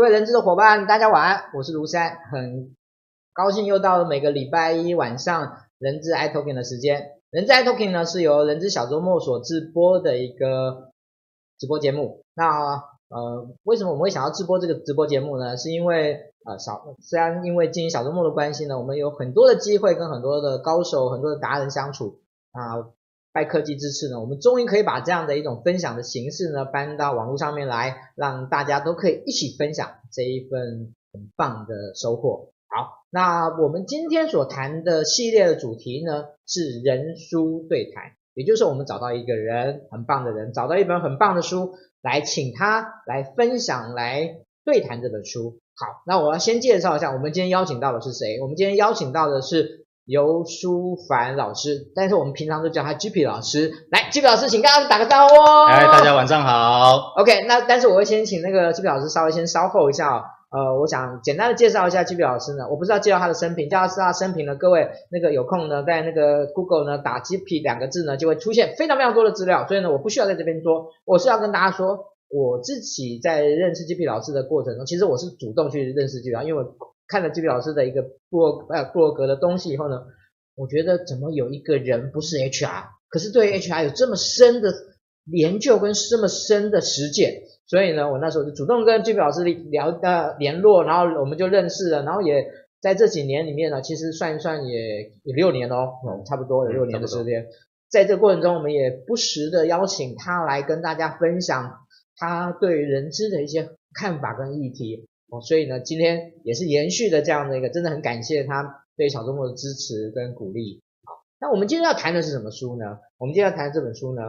各位人資的夥伴，大家晚安，我是盧山，很高興又到了每個禮拜一晚上人資 I talking 的時間。人資 I talking 呢，是由人資小周末所直播的一個直播節目。那呃，為什麼我們會想要直播這個直播節目呢？是因為呃小雖然因為經營小周末的關係呢，我們有很多的機會跟很多的高手、很多的達人相處啊。呃拜科技之賜呢，我們終於可以把這樣的一種分享的形式呢搬到網絡上面來，讓大家都可以一起分享這一份很棒的收穫。好，那我們今天所談的系列的主題呢是人書對談，也就是我們找到一個人、很棒的人，找到一本很棒的書，來請他來分享、來對談這本書。好，那我要先介紹一下我們今天邀請到的是誰？我們今天邀請到的是。游舒帆老師，但是我們平常都叫他 Gipi 老師。來，Gipi 老師，請跟大家打個招呼哦。嗨，大家晚上好。OK，那但是我會先請那個 Gipi 老師稍微先稍後一下哦。呃，我想簡單的介紹一下 Gipi 老師呢，我不是要介紹他的生平，介紹他，是他的生平呢，各位那個有空呢，在那個 Google 呢打 Gipi 兩個字呢，就會出現非常非常多的資料，所以呢，我不需要在這邊說。我是要跟大家說，我自己在認識 Gipi 老師的過程中，其實我是主動去認識 Gipi 老師，因為我。看了 Gipi 老師的一個部落呃部落格的東西以後呢，我覺得怎麼有一個人不是 HR，可是對 HR 有這麼深的研究跟這麼深的實踐，所以呢，我那時候就主動跟 Gipi 老師聊呃聯絡，然後我們就認識了，然後也在這幾年裡面呢，其實算一算也有六年哦，嗯，差不多有六年的時間，嗯，在這個過程中，我們也不時的邀請他來跟大家分享他對人資的一些看法跟議題。哦、所以呢，今天也是延續的這樣的一個，真的很感謝他對小周末的支持跟鼓勵。那我們今天要談的是什麼書呢？我們今天要談的這本書呢，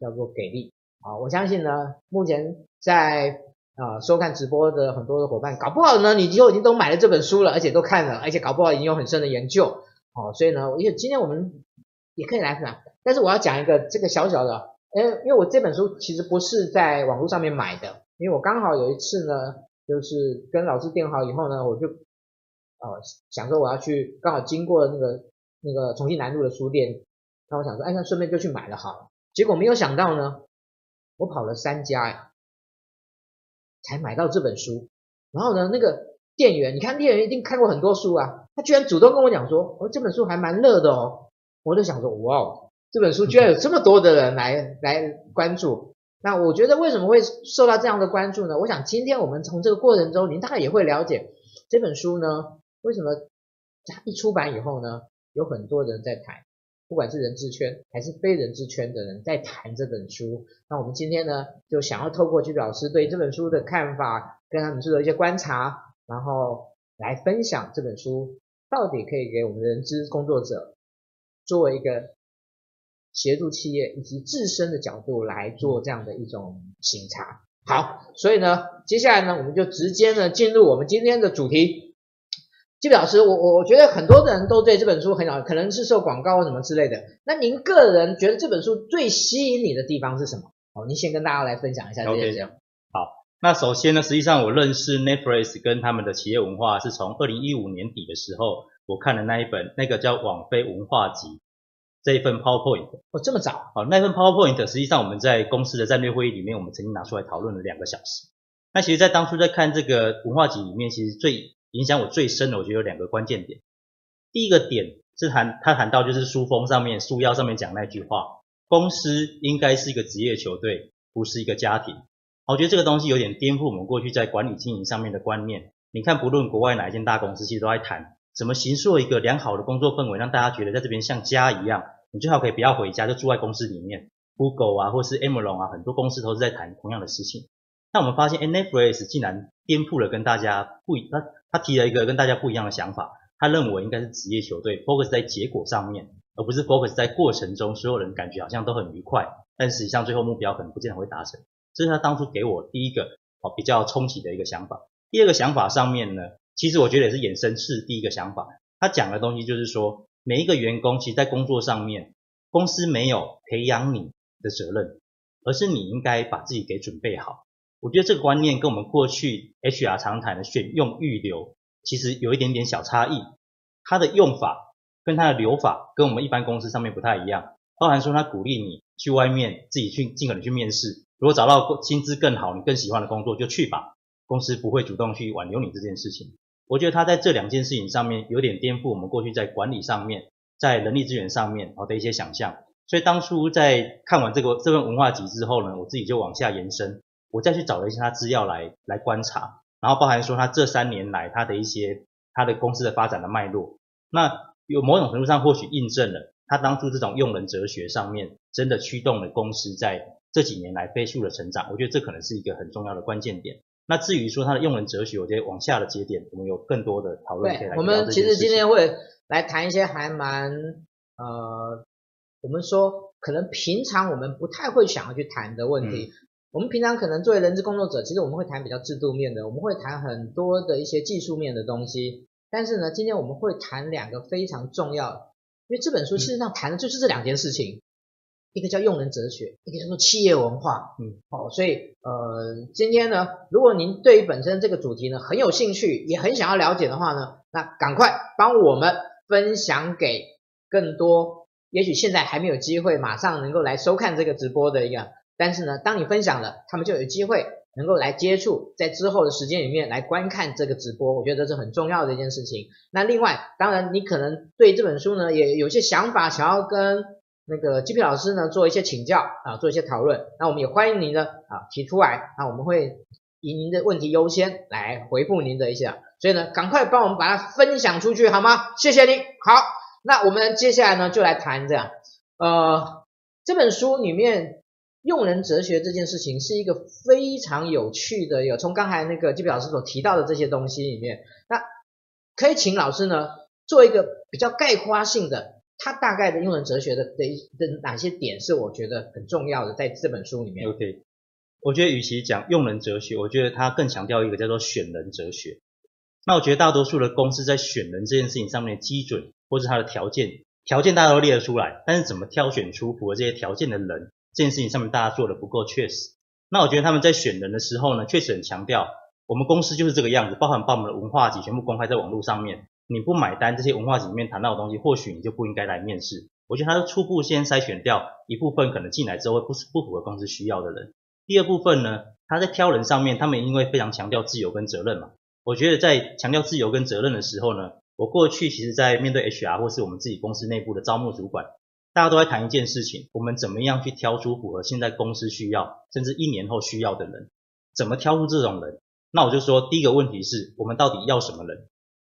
叫做《給力》。好，我相信呢，目前在啊、呃、收看直播的很多的夥伴，搞不好呢，你就已經都買了這本書了，而且都看了，而且搞不好已經有很深的研究。哦、所以呢，因為今天我們也可以來什麼？但是我要講一個這個小小的，因為我這本書其實不是在網絡上面買的，因為我剛好有一次呢。就是跟老師定好以後呢，我就，呃、哦，想說我要去，剛好經過那個那個重慶南路的書店，那我想說，哎，那順便就去買了好了。結果沒有想到呢，我跑了三家呀，才買到這本書。然後呢，那個店員，你看店員一定看過很多書啊，他居然主動跟我講說，哦，這本書還蠻熱的哦。我就想說，哇，這本書居然有這麼多的人來 來關注。那我覺得為什麼會受到這樣的關注呢？我想今天我們從這個過程中，您大概也會了解這本書呢，為什麼它一出版以後呢，有很多人在談，不管是人資圈還是非人資圈的人在談這本書。那我們今天呢，就想要透過幾位老師對這本書的看法，跟他們做一些觀察，然後來分享這本書到底可以給我們的人資工作者作為一個。協助企業以及自身的角度來做這樣的一種審查。好，所以呢，接下來呢，我們就直接呢進入我們今天的主題。Gipi 老師，我我我覺得很多的人都對這本書很好，可能是受廣告或什麼之類的。那您個人覺得這本書最吸引你的地方是什麼？好，您先跟大家來分享一下，謝謝。好，那首先呢，實際上我認識 Netflix 跟他們的企業文化是從二零一五年底的時候，我看的那一本那個叫《網飛文化集》。這一份 PowerPoint 哦，這麼早？哦，那份 PowerPoint 實際上我們在公司的戰略會議裡面，我們曾經拿出來討論了兩個小時。那其實，在當初在看這個文化集裡面，其實最影響我最深的，我覺得有兩個關鍵點。第一個點是談他談到就是書封上面，書腰上面講那句話：公司應該是一個職業球隊，不是一個家庭。好，我覺得這個東西有點顛覆我們過去在管理經營上面的觀念。你看，不論國外哪一間大公司，其實都在談。怎麼形塑一個良好的工作氛圍，讓大家覺得在這邊像家一樣？你最好可以不要回家，就住在公司裡面。Google 啊，或是 Amazon 啊，很多公司都是在談同樣的事情。那我們發現 Netflix 竟然顛覆了跟大家不一，他他提了一個跟大家不一樣的想法。他認為應該是職業球隊，focus 在結果上面，而不是 focus 在過程中，所有人感覺好像都很愉快，但實際上最後目標可能不見得會達成。這是他當初給我第一個比較衝擊的一個想法。第二個想法上面呢？其實我覺得也是衍生是第一個想法。他講的東西就是說，每一個員工其實，在工作上面，公司沒有培養你的責任，而是你應該把自己給準備好。我覺得這個觀念跟我們過去 HR 常談的選用育留，其實有一點點小差異。它的用法跟它的留法跟我們一般公司上面不太一樣，包含說他鼓勵你去外面自己去盡可能去面試，如果找到薪資更好、你更喜歡的工作就去吧，公司不會主動去挽留你這件事情。我覺得他在這兩件事情上面有點顛覆我們過去在管理上面，在人力資源上面的一些想象所以當初在看完這個這份文化集之後呢，我自己就往下延伸，我再去找了一些他資料來來觀察，然後包含說他這三年來他的一些，他的一些他的公司的發展的脈絡，那有某種程度上或許印證了他當初這種用人哲學上面真的驅動了公司在這幾年來飛速的成長。我覺得這可能是一個很重要的關鍵點。那至於說他的用人哲學，我覺得往下的節點，我們有更多的討論。對，我們其實今天會來談一些還蠻呃、我們說可能平常我們不太會想要去談的問題。嗯、我們平常可能作為人資工作者，其實我們會談比較制度面的，我們會談很多的一些技術面的東西。但是呢，今天我們會談兩個非常重要的，因為這本書事實上談的就是這兩件事情。嗯一個叫用人哲學，一個叫做企業文化。嗯，好，哦，所以呃，今天呢，如果您對於本身這個主題呢很有興趣，也很想要了解的話呢，那趕快幫我們分享給更多，也許現在還沒有機會，馬上能夠來收看這個直播的一個，但是呢，當你分享了，他們就有機會能夠來接觸，在之後的時間裡面來觀看這個直播，我覺得這是很重要的一件事情。那另外，當然你可能對這本書呢也有些想法，想要跟。那個 Gipi 老師呢，做一些請教啊，做一些討論。那我們也歡迎您呢啊提出來，那我們會以您的問題優先來回復您的一些。所以呢，趕快幫我們把它分享出去，好嗎？謝謝您。好，那我們接下來呢就來談這樣，呃，這本書裡面用人哲學這件事情是一個非常有趣的，有從剛才那個 Gipi 老師所提到的這些東西裡面，那可以請老師呢做一個比較概括性的。他大概的用人哲學的的,的哪些點是我覺得很重要的，在這本書裡面。OK，我覺得與其講用人哲學，我覺得他更強調一個叫做選人哲學。那我覺得大多數的公司在選人這件事情上面的基準，或是他的條件，條件大家都列得出來，但是怎麼挑選出符合這些條件的人，這件事情上面大家做的不夠確實。那我覺得他們在選人的時候呢，確實很強調，我們公司就是這個樣子，包含把我們的文化集全部公開在網絡上面。你不買單這些文化裡面談到的東西，或許你就不應該來面試。我覺得他是初步先篩選掉一部分可能進來之後不不符合公司需要的人。第二部分呢，他在挑人上面，他們也因為非常強調自由跟責任嘛，我覺得在強調自由跟責任的時候呢，我過去其實在面對 HR 或是我們自己公司內部的招募主管，大家都在談一件事情：我們怎麼樣去挑出符合現在公司需要，甚至一年後需要的人。怎麼挑出這種人？那我就說，第一個問題是，我們到底要什麼人？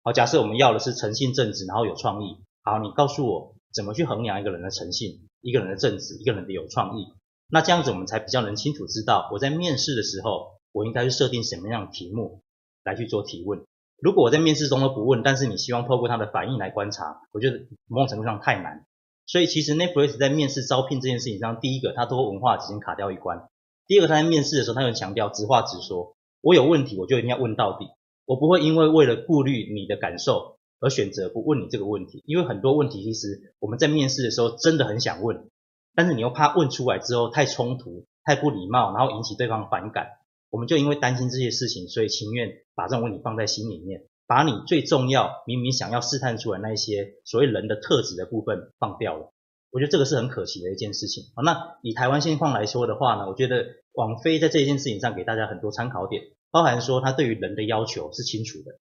好，假設我們要的是誠信、正直，然後有創意。好，你告訴我怎麼去衡量一個人的誠信、一個人的正直、一個人的有創意。那這樣子我們才比較能清楚知道，我在面試的時候，我應該去設定什麼樣的題目來去做提問。如果我在面試中都不問，但是你希望透過他的反應來觀察，我覺得某種程度上太難。所以其實 n e u p r e s 在面試招聘這件事情上，第一個，他透過文化直接卡掉一關；第二個，他在面試的時候，他很強調直話直說，我有問題我就一定要問到底。我不會因為為了顧慮你的感受而選擇不問你這個問題，因為很多問題其實我們在面試的時候真的很想問，但是你又怕問出來之後太衝突、太不禮貌，然後引起對方反感，我們就因為擔心這些事情，所以情願把這種問題放在心裡面，把你最重要、明明想要試探出來那些所謂人的特質的部分放掉了。我覺得這個是很可惜的一件事情。好，那以台灣現況來說的話呢，我覺得網飛在這件事情上給大家很多參考點。包含說他對於人的要求是清楚的，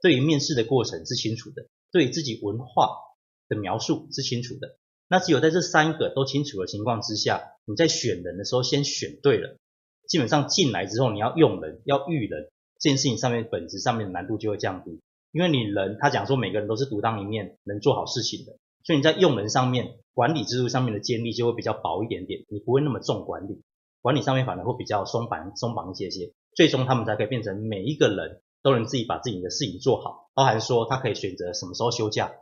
對於面試的過程是清楚的，對於自己文化的描述是清楚的。那只有在這三個都清楚的情況之下，你在選人的時候先選對了，基本上進來之後你要用人、要育人這件事情上面本質上面的難度就會降低，因為你人他講說每個人都是獨當一面能做好事情的，所以你在用人上面、管理制度上面的建立就會比較薄一點點，你不會那麼重管理，管理上面反而會比較鬆綁、鬆綁一些些。最終他們才可以變成每一個人都能自己把自己的事情做好，包含說他可以選擇什麼時候休假，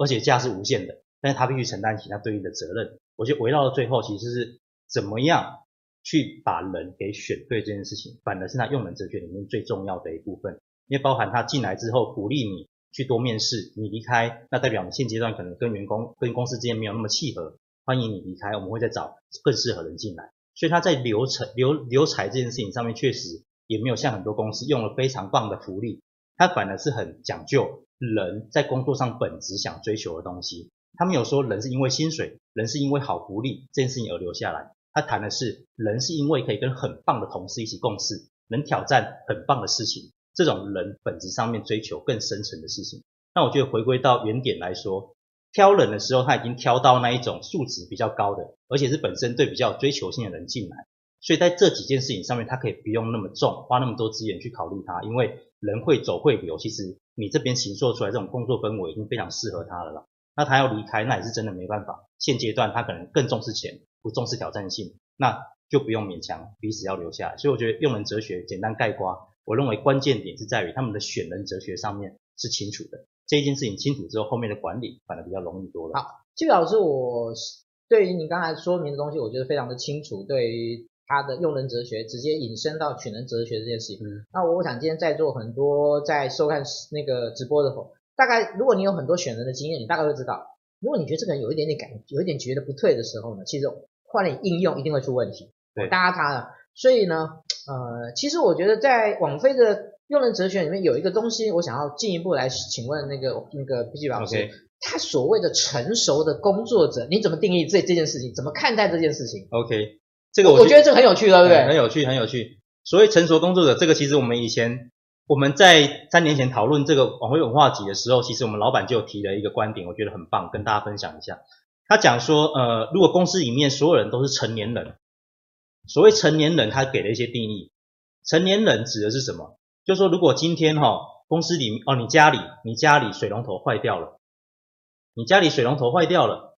而且假是無限的，但是他必須承擔起他對應的責任。我覺得圍繞到最後其實是怎麼樣去把人給選對這件事情，反而是他用人哲學裡面最重要的一部分。因為包含他進來之後鼓勵你去多面試，你離開那代表你現階段可能跟員工跟公司之間沒有那麼契合，歡迎你離開，我們會再找更適合的人進來。所以他在留成留留才這件事情上面，確實也沒有像很多公司用了非常棒的福利，他反而是很講究人在工作上本質想追求的東西。他沒有說人是因為薪水，人是因為好福利這件事情而留下來。他談的是人是因為可以跟很棒的同事一起共事，能挑戰很棒的事情，這種人本質上面追求更深層的事情。那我覺得回歸到原點來說，挑人的時候，他已經挑到那一種素質比較高的，而且是本身對比較有追求性的人進來，所以在這幾件事情上面，他可以不用那麼重花那麼多資源去考慮他，因為人會走會留，其實你這邊形塑出來這種工作氛圍已經非常適合他了啦。那他要離開，那也是真的沒辦法。現階段他可能更重視錢，不重視挑戰性，那就不用勉強彼此要留下來。所以我覺得用人哲學簡單概括，我認為關鍵點是在於他們的選人哲學上面是清楚的。這件事情清楚之後，後面的管理反而比較容易多了。好，Gipi 老師，我對於你剛才說明的東西，我覺得非常的清楚。對於他的用人哲學，直接引申到取人哲學這件事情。嗯、那我想今天在座很多在收看那個直播的時候，大概如果你有很多選人的經驗，你大概會知道，如果你覺得這個人有一點點感，有一點覺得不對的時候呢，其實換臉應用一定會出問題，搭他了。所以呢，呃，其實我覺得在網飛的。用人哲學裡面有一個東西，我想要進一步來請問那個那個 Gipi 老師，okay. 他所謂的成熟的工作者，你怎麼定義這這件事情？怎麼看待這件事情？OK，這個我,我覺得這很有趣，對、嗯、不對？很有趣，很有趣。所謂成熟工作者，這個其實我們以前我們在三年前討論這個網飛文化集的時候，其實我們老板就提了一個觀點，我覺得很棒，跟大家分享一下。他講說，呃，如果公司裡面所有人都是成年人，所謂成年人，他給了一些定義。成年人指的是什麼？就說如果今天哈、哦、公司裡哦你家裡你家裡水龍頭壞掉了，你家裡水龍頭壞掉了，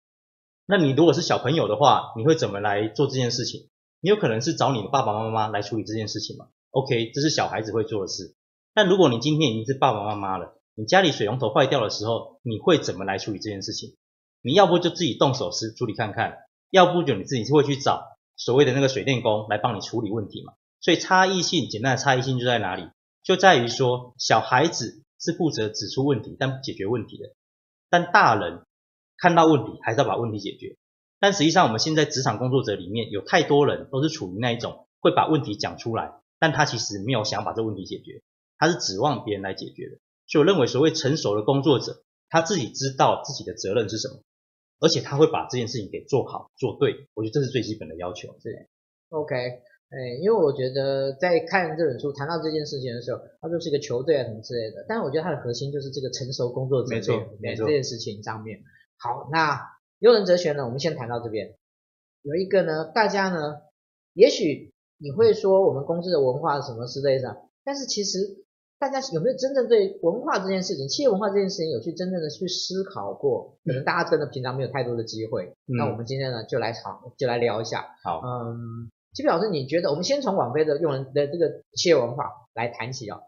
那你如果是小朋友的話，你會怎麼來做這件事情？你有可能是找你的爸爸媽媽來處理這件事情嘛？OK，這是小孩子會做的事。但如果你今天已經是爸爸媽媽了，你家裡水龍頭壞掉的時候，你會怎麼來處理這件事情？你要不就自己動手是處理看看，要不就你自己就會去找所謂的那個水電工來幫你處理問題嘛？所以差異性簡單的差異性就在哪裡？就在於說，小孩子是負責指出問題，但不解決問題的；但大人看到問題，還是要把問題解決。但實際上，我們現在職場工作者裡面有太多人都是處於那一種，會把問題講出來，但他其實沒有想把這問題解決，他是指望別人來解決的。所以我認為，所謂成熟的工作者，他自己知道自己的責任是什麼，而且他會把這件事情給做好做對。我覺得這是最基本的要求。這樣。OK。哎，因為我覺得在看這本書談到這件事情的時候，它就是一個球隊啊什麼之類的。但是我覺得它的核心就是這個成熟工作之類的，沒錯，對這件事情上面。好，那用人哲學呢，我們先談到這邊。有一個呢，大家呢，也許你會說我們公司的文化是什麼？之類的，但是其實大家有沒有真正對文化這件事情、企業文化這件事情有去真正的去思考過？嗯、可能大家真的平常沒有太多的機會。那我們今天呢，就來談，就來聊一下。好，嗯。就表示你覺得，我們先從網飛的用人的這個企業文化來談起哦。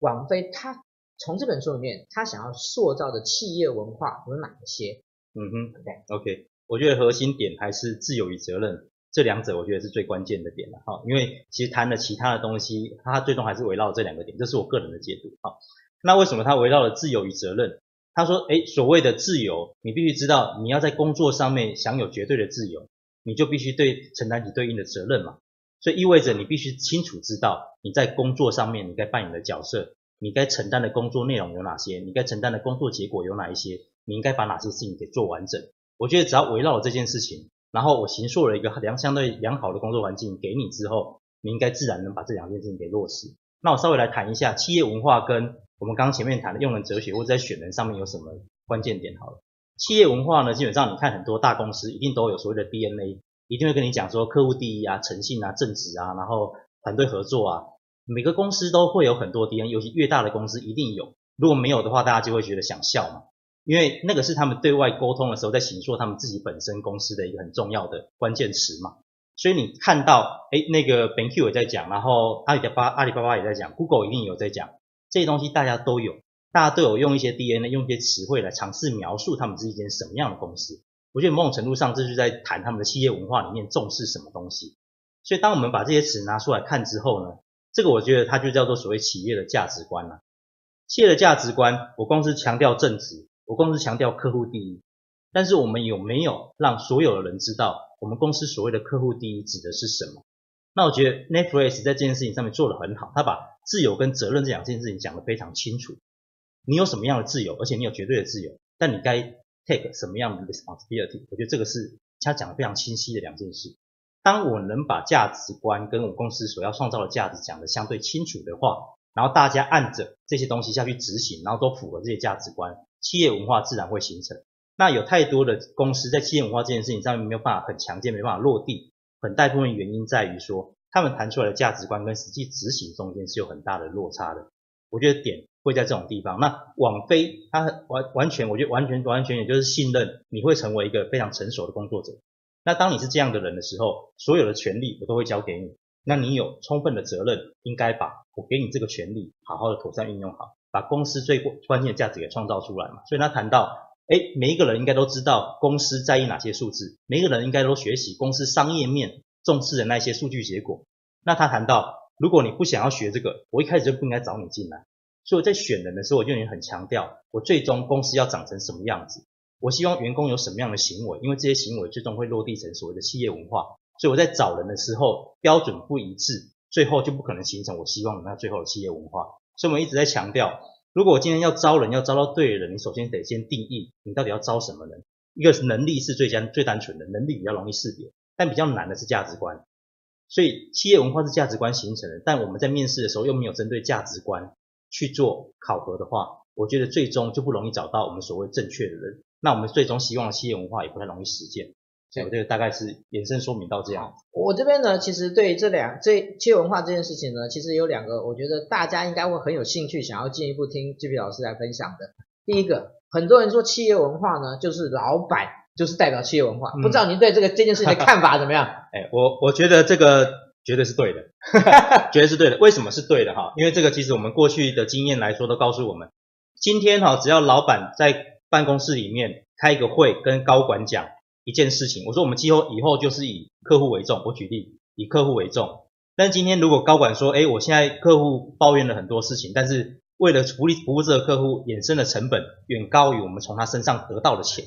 網飛他從這本書裡面，他想要塑造的企業文化有哪些？嗯哼，OK，OK，我覺得核心點還是自由與責任這兩者，我覺得是最關鍵的點了哈。因為其實談了其他的東西，他最終還是圍繞這兩個點，這是我個人的解讀哈。那為什麼他圍繞了自由與責任？他說，誒，所謂的自由，你必須知道你要在工作上面享有絕對的自由。你就必須對承擔起對應的責任嘛，所以意味着你必須清楚知道你在工作上面你該扮演的角色，你該承擔的工作內容有哪些，你該承擔的工作結果有哪一些，你應該把哪些事情給做完整。我覺得只要圍繞這件事情，然後我形塑了一個良相對良好的工作環境給你之後，你應該自然能把這兩件事情給落實。那我稍微來談一下企業文化跟我們剛剛前面談的用人哲學或者在選人上面有什麼關鍵點好了。企業文化呢，基本上你看很多大公司一定都有所謂的 DNA，一定會跟你講說客戶第一啊、誠信啊、正直啊，然後團隊合作啊，每個公司都會有很多 DNA，尤其越大的公司一定有。如果沒有的話，大家就會覺得想笑嘛，因為那個是他們對外溝通的時候在形塑他們自己本身公司的一個很重要的關鍵詞嘛。所以你看到，哎，那個 BenQ 也在講，然後阿里巴巴阿里巴巴也在講，Google 一定有在講，這些東西大家都有。大家都有用一些 DNA，用一些詞彙來嘗試描述他們是一間什麼樣的公司。我覺得某種程度上，這就是在談他們的企業文化裡面重視什麼東西。所以，當我們把這些詞拿出來看之後呢，這個我覺得它就叫做所謂企業的價值觀了。企業的價值觀，我公司強調正直，我公司強調客戶第一。但是，我們有沒有讓所有的人知道，我們公司所謂的客戶第一指的是什麼？那我覺得 Netflix 在這件事情上面做得很好，他把自由跟責任這兩件事情講得非常清楚。你有什麼樣的自由，而且你有絕對的自由，但你該 take 什麼樣的 responsibility？我覺得這個是他講得非常清晰的兩件事。當我能把價值觀跟我公司所要創造的價值講得相對清楚的話，然後大家按着這些東西下去執行，然後都符合這些價值觀，企業文化自然會形成。那有太多的公司在企業文化這件事情上面沒有辦法很強健，沒辦法落地。很大部分原因在於說，他們談出來的價值觀跟實際執行中間是有很大的落差的。我覺得點。會在這種地方，那網飛他完完全，我覺得完全完完全，也就是信任你會成為一個非常成熟的工作者。那當你是這樣的人的時候，所有的權利我都會交給你，那你有充分的責任，應該把我給你這個權利好好的妥善運用好，把公司最關關鍵的價值給創造出來嘛。所以他談到，哎，每一個人應該都知道公司在意哪些數字，每一個人應該都學習公司商業面重視的那些數據結果。那他談到，如果你不想要學這個，我一開始就不應該找你進來。所以我在選人的時候，我就很強調，我最終公司要長成什麼樣子，我希望員工有什麼樣的行為，因為這些行為最終會落地成所謂的企業文化。所以我在找人的時候，標準不一致，最後就不可能形成我希望有那最後的企業文化。所以我們一直在強調，如果我今天要招人，要招到對的人，你首先得先定義你到底要招什麼人。一個是能力是最單最單純的，能力比較容易識別，但比較難的是價值觀。所以企業文化是價值觀形成的，但我們在面試的時候又沒有針對價值觀去做考核的話，我覺得最終就不容易找到我們所謂正確的人。那我們最終希望企業文化也不太容易實踐。所以我這個大概是延伸說明到這樣。我這邊呢，其實對這兩這企業文化這件事情呢，其實有兩個，我覺得大家應該會很有興趣想要進一步聽 Gipi 老師來分享的。第一個，很多人說企業文化呢，就是老板就是代表企業文化，嗯、不知道您對這個這件事情的看法怎麼樣？誒、 哎、我我覺得這個。絕對是對的， 絕對是對的。為什麼是對的？哈，因為，這個其實我們過去的經驗來說都告訴我們，今天哈，只要老板在辦公室裡面開一個會，跟高管講一件事情，我說我們今後以後就是以客戶為重。我舉例，以客戶為重。但今天如果高管說，誒，我現在客戶抱怨了很多事情，但是為了處理服務這個客戶衍生的成本遠高於我們從他身上得到的錢，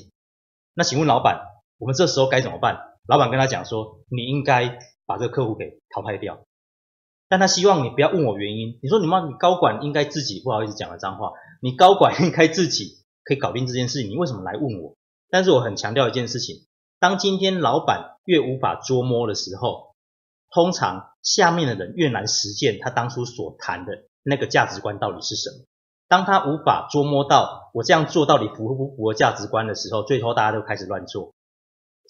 那請問老板，我們這時候該怎麼辦？老板跟他講說，你應該。把這個客戶給淘汰掉，但他希望你不要問我原因。你說你媽，你高管應該自己不好意思講了髒話，你高管應該自己可以搞定這件事情。你為什麼來問我？但是我很強調一件事情：當今天老闆越無法捉摸的時候，通常下面的人越難實踐他當初所談的那個價值觀到底是什麼。當他無法捉摸到我這樣做到底符不符合價值觀的時候，最後大家都開始亂做。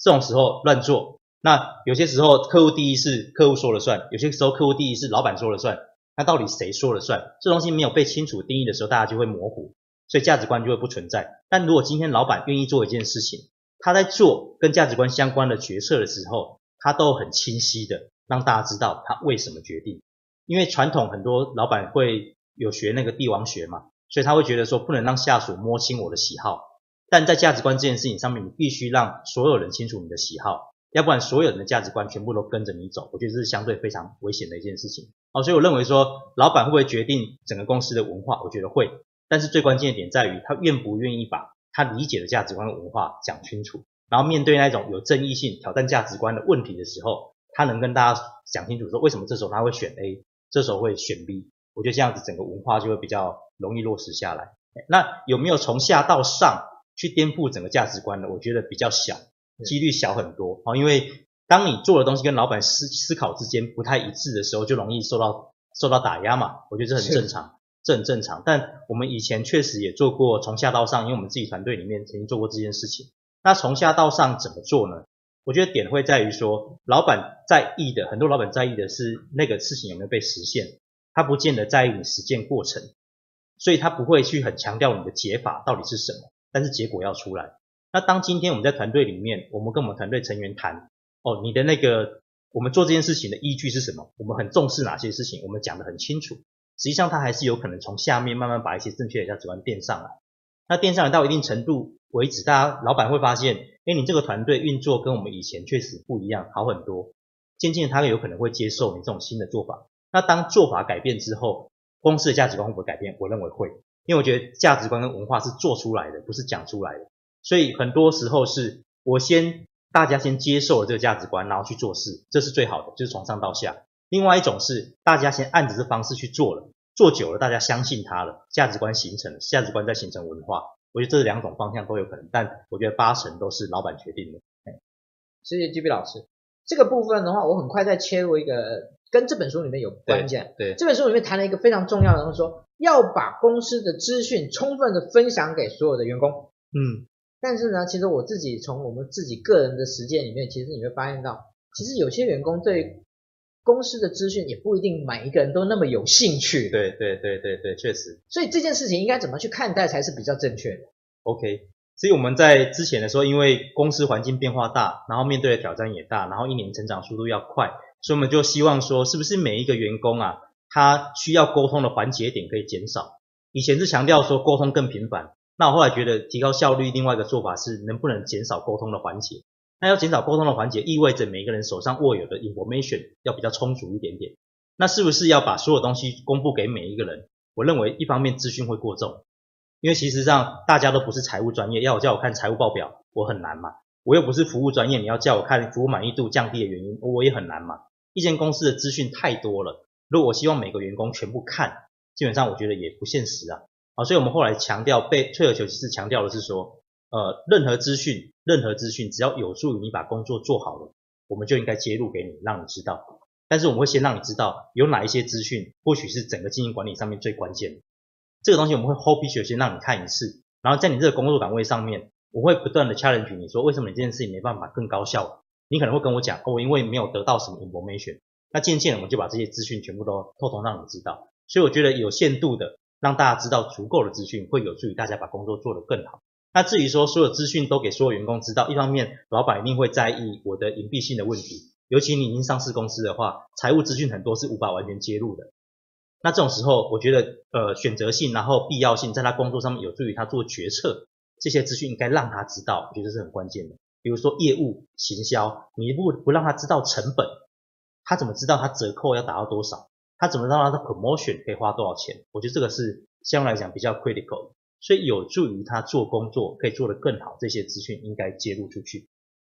這種時候亂做。那有些時候客戶第一是客戶說了算，有些時候客戶第一是老闆說了算。那到底誰說了算？這東西沒有被清楚定義的時候，大家就會模糊，所以價值觀就會不存在。但如果今天老闆願意做一件事情，他在做跟價值觀相關的決策的時候，他都很清晰的讓大家知道他為什麼決定。因為傳統很多老闆會有學那個帝王學嘛，所以他會覺得說不能讓下屬摸清我的喜好。但在價值觀這件事情上面，你必須讓所有人清楚你的喜好。要不然，所有人的價值觀全部都跟着你走，我覺得這是相對非常危險的一件事情。好，所以我認為說，老闆會不會決定整個公司的文化，我覺得會。但是最關鍵的點在於，他願不願意把他理解的價值觀的文化講清楚，然後面對那種有爭議性、挑戰價值觀的問題的時候，他能跟大家講清楚說為什麼這時候他會選 A，這時候會選 B。我覺得這樣子整個文化就會比較容易落實下來。那有沒有從下到上去顛覆整個價值觀呢？我覺得比較小。幾率小很多哦，因為當你做的東西跟老板思思考之間不太一致的時候，就容易受到受到打壓嘛。我覺得這很正常，這很正常。但我們以前確實也做過從下到上，因為我們自己團隊裡面曾經做過這件事情。那從下到上怎麼做呢？我覺得點會在於說，老板在意的，很多老板在意的是那個事情有沒有被實現，他不見得在意你實踐過程，所以他不會去很強調你的解法到底是什麼，但是結果要出來。那當今天我們在團隊裡面，我們跟我們團隊成員談哦，你的那個我們做這件事情的依據是什麼？我們很重視哪些事情？我們講得很清楚。實際上他還是有可能從下面慢慢把一些正確的價值觀墊上來。那墊上來到一定程度為止，大家老板會發現，哎，你這個團隊運作跟我們以前確實不一樣，好很多。漸漸他有可能會接受你這種新的做法。那當做法改變之後，公司的價值觀會不會改變？我認為會，因為我覺得價值觀跟文化是做出來的，不是講出來的。所以很多時候是，我先大家先接受了這個價值觀，然後去做事，這是最好的，就是從上到下。另外一種是，大家先按着這方式去做了，做久了大家相信它了，價值觀形成了，價值觀再形成文化。我覺得這兩種方向都有可能，但我覺得八成都是老板決定的。謝謝 Gipi 老師，這個部分的話，我很快再切入一個跟這本書裡面有關鍵，對，對這本書裡面談了一個非常重要的就是說，說要把公司的資訊充分的分享給所有的員工，嗯。但是呢，其實我自己從我們自己個人的實踐裡面，其實你會發現到，其實有些員工對公司的資訊也不一定每一個人都那麼有興趣。對對對對對，確實。所以這件事情應該怎麼去看待才是比較正確的？OK，所以我們在之前的時候，因為公司環境變化大，然後面對的挑戰也大，然後一年成長速度要快，所以我們就希望說，是不是每一個員工啊，他需要溝通的環節點可以減少？以前是強調說溝通更頻繁。那我後來覺得提高效率，另外一個做法是能不能減少溝通的環節。那要減少溝通的環節，意味着每一個人手上握有的 information 要比較充足一點點。那是不是要把所有東西公布給每一個人？我認為一方面資訊會過重，因為其實上大家都不是財務專業，要叫我看財務報表，我很難嘛。我又不是服務專業，你要叫我看服務滿意度降低的原因，我也很難嘛。一間公司的資訊太多了，如果我希望每個員工全部看，基本上我覺得也不現實啊。啊，所以我們後來強調被退而求其次強調的是說，呃，任何資訊，任何資訊，只要有助於你把工作做好了，我們就應該揭露給你，讓你知道。但是我們會先讓你知道有哪一些資訊，或許是整個經營管理上面最關鍵的這個東西，我們會厚皮學先讓你看一次，然後在你這個工作崗位上面，我會不斷的 challenge 你說，為什麼你這件事情沒辦法更高效？你可能會跟我講，哦，因為沒有得到什麼 information。那漸漸我們就把這些資訊全部都通通讓你知道。所以我覺得有限度的。讓大家知道足夠的資訊，會有助於大家把工作做得更好。那至於說所有資訊都給所有員工知道，一方面老板一定會在意我的隱蔽性的問題，尤其你已經上市公司的話，財務資訊很多是無法完全揭露的。那這種時候，我覺得呃選擇性、然後必要性，在他工作上面有助於他做決策，這些資訊應該讓他知道，我覺得這是很關鍵的。比如說業務行銷，你不不讓他知道成本，他怎麼知道他折扣要打到多少？他怎麼知道他的 promotion 可以花多少錢？我覺得這個是相對來講比較 critical，所以有助於他做工作可以做得更好。這些資訊應該揭露出去。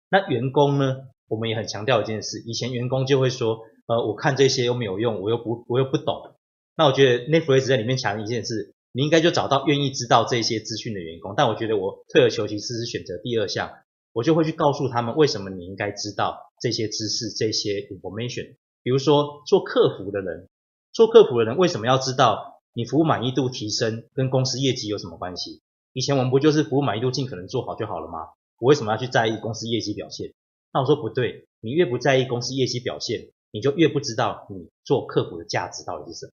那員工呢？我們也很強調一件事。以前員工就會說，呃，我看這些又沒有用，我又不我又不懂。那我覺得 Netflix 在裡面強調一件事，你應該就找到願意知道這些資訊的員工。但我覺得我退而求其次，是選擇第二項，我就會去告訴他們為什麼你應該知道這些知識這些 information。比如說做客服的人。做客服的人為什麼要知道你服務滿意度提升跟公司業績有什麼關係？以前我們不就是服務滿意度盡可能做好就好了嗎？我為什麼要去在意公司業績表現？那我說不對，你越不在意公司業績表現，你就越不知道你做客服的價值到底是什麼。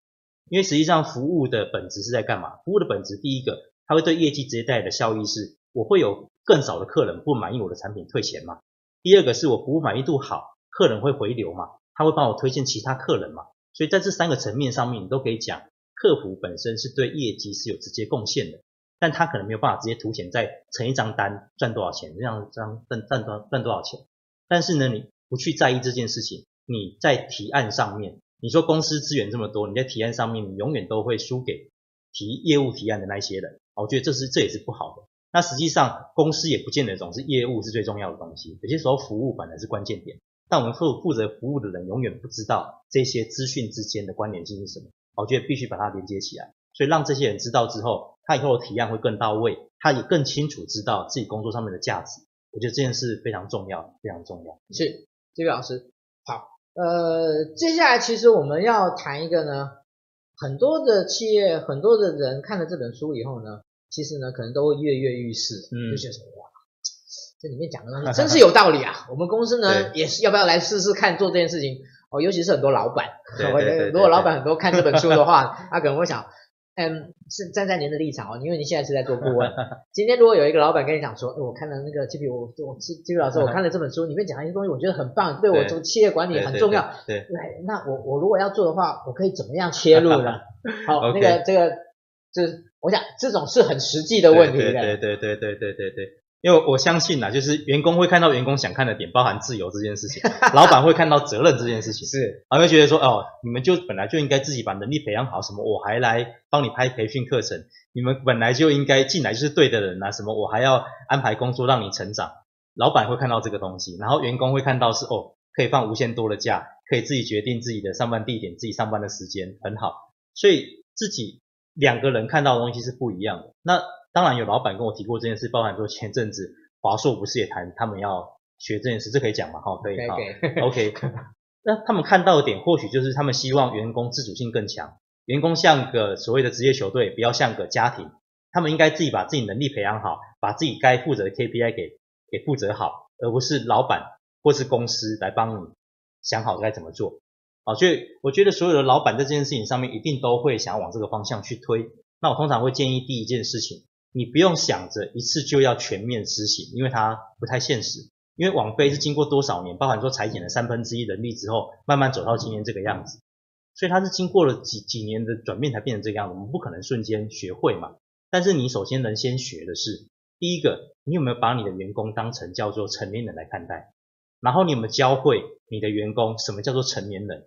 因為實際上服務的本質是在幹嘛？服務的本質，第一個，它會對業績直接帶來的效益是，我會有更少的客人不滿意我的產品退錢嗎？第二個是我服務滿意度好，客人會回流嗎？他會幫我推薦其他客人嗎？所以在這三個層面上面，你都可以講，客服本身是對業績是有直接貢獻的，但他可能沒有辦法直接凸顯在成一張單賺多少錢，這樣這樣賺賺多賺多少錢。但是呢，你不去在意這件事情，你在提案上面，你說公司資源這麼多，你在提案上面，你永遠都會輸給提業務提案的那些人。我覺得這是這也是不好的。那實際上，公司也不見得總是業務是最重要的東西，有些時候服務本來是關鍵點。但我們負負責服務的人永遠不知道這些資訊之間的關聯性是什麼，我覺得必須把它連接起來，所以讓這些人知道之後，他以後的體驗會更到位，他也更清楚知道自己工作上面的價值。我覺得這件事非常重要，非常重要。是，這位老師，好，呃，接下來其實我們要談一個呢，很多的企業，很多的人看了這本書以後呢，其實呢可能都會躍躍欲試，嗯，有些什麼？這裡面講的東西真是有道理啊！ 我們公司呢也是，要不要來試試看做這件事情哦？尤其是很多老闆，對對對對對，如果老闆很多看這本書的話，啊， 他可能會想，嗯，是站在您的立場哦，因為您現在是在做顧問。 今天如果有一個老闆跟你講說，我看了那個 Gipi，我我 Gipi 老師，我看了這本書， 裡面講一些東西，我覺得很棒，對我做企業管理很重要。對，對，對，對，對，對，對，對，那我我如果要做的話，我可以怎麼樣切入呢？ 好、okay，那個這個，就是，我想這種是很實際的問題。對對對對對對對，對，對。因為我相信吶、啊，就是員工會看到員工想看的點，包含自由這件事情，老闆會看到責任這件事情， 是，還會覺得說哦，你們就本來就應該自己把能力培養好，什麼，我還來幫你拍培訓課程，你們本來就應該進來就是對的人吶、啊，什麼，我還要安排工作讓你成長，老闆會看到這個東西，然後員工會看到是哦，可以放無限多的假，可以自己決定自己的上班地點，自己上班的時間，很好，所以自己兩個人看到的東西是不一樣的，那。當然有老闆跟我提過這件事，包含說前陣子華碩不是也談他們要學這件事，這可以講嗎？哈，可以哈，OK, okay。 okay. 那他們看到的點，或許就是他們希望員工自主性更強，員工像個所謂的職業球隊，不要像個家庭，他們應該自己把自己能力培養好，把自己該負責的 KPI 給給負責好，而不是老闆或是公司來幫你想好該怎麼做。好，所以我覺得所有的老闆在這件事情上面一定都會想要往這個方向去推。那我通常會建議第一件事情。你不用想着一次就要全面實行，因為它不太現實。因為網飛是經過多少年，包含說裁減了三分之一人力之後，慢慢走到今天這個樣子，所以它是經過了幾幾年的轉變才變成這個樣子。我們不可能瞬間學會嘛。但是你首先能先學的是，第一個，你有沒有把你的員工當成叫做成年人來看待？然後你有沒有教會你的員工什麼叫做成年人？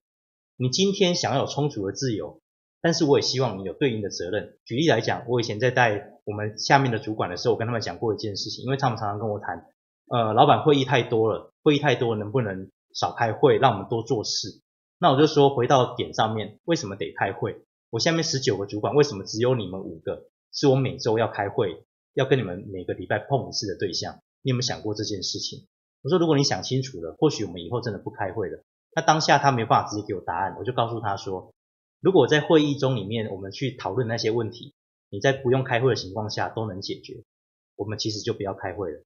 你今天想要有充足的自由？但是我也希望你有對應的責任。舉例來講，我以前在帶我們下面的主管的時候，我跟他們講過一件事情，因為他們常常跟我談，呃，老闆會議太多了，會議太多，能不能少開會，讓我們多做事？那我就說回到點上面，為什麼得開會？我下面十九個主管，為什麼只有你們五個是我每周要開會，要跟你們每個禮拜碰一次的對象？你有沒有想過這件事情？我說，如果你想清楚了，或許我們以後真的不開會了。那當下他沒有辦法直接給我答案，我就告訴他說，如果在會議中裡面，我們去討論那些問題，你在不用開會的情況下都能解決，我們其實就不要開會了。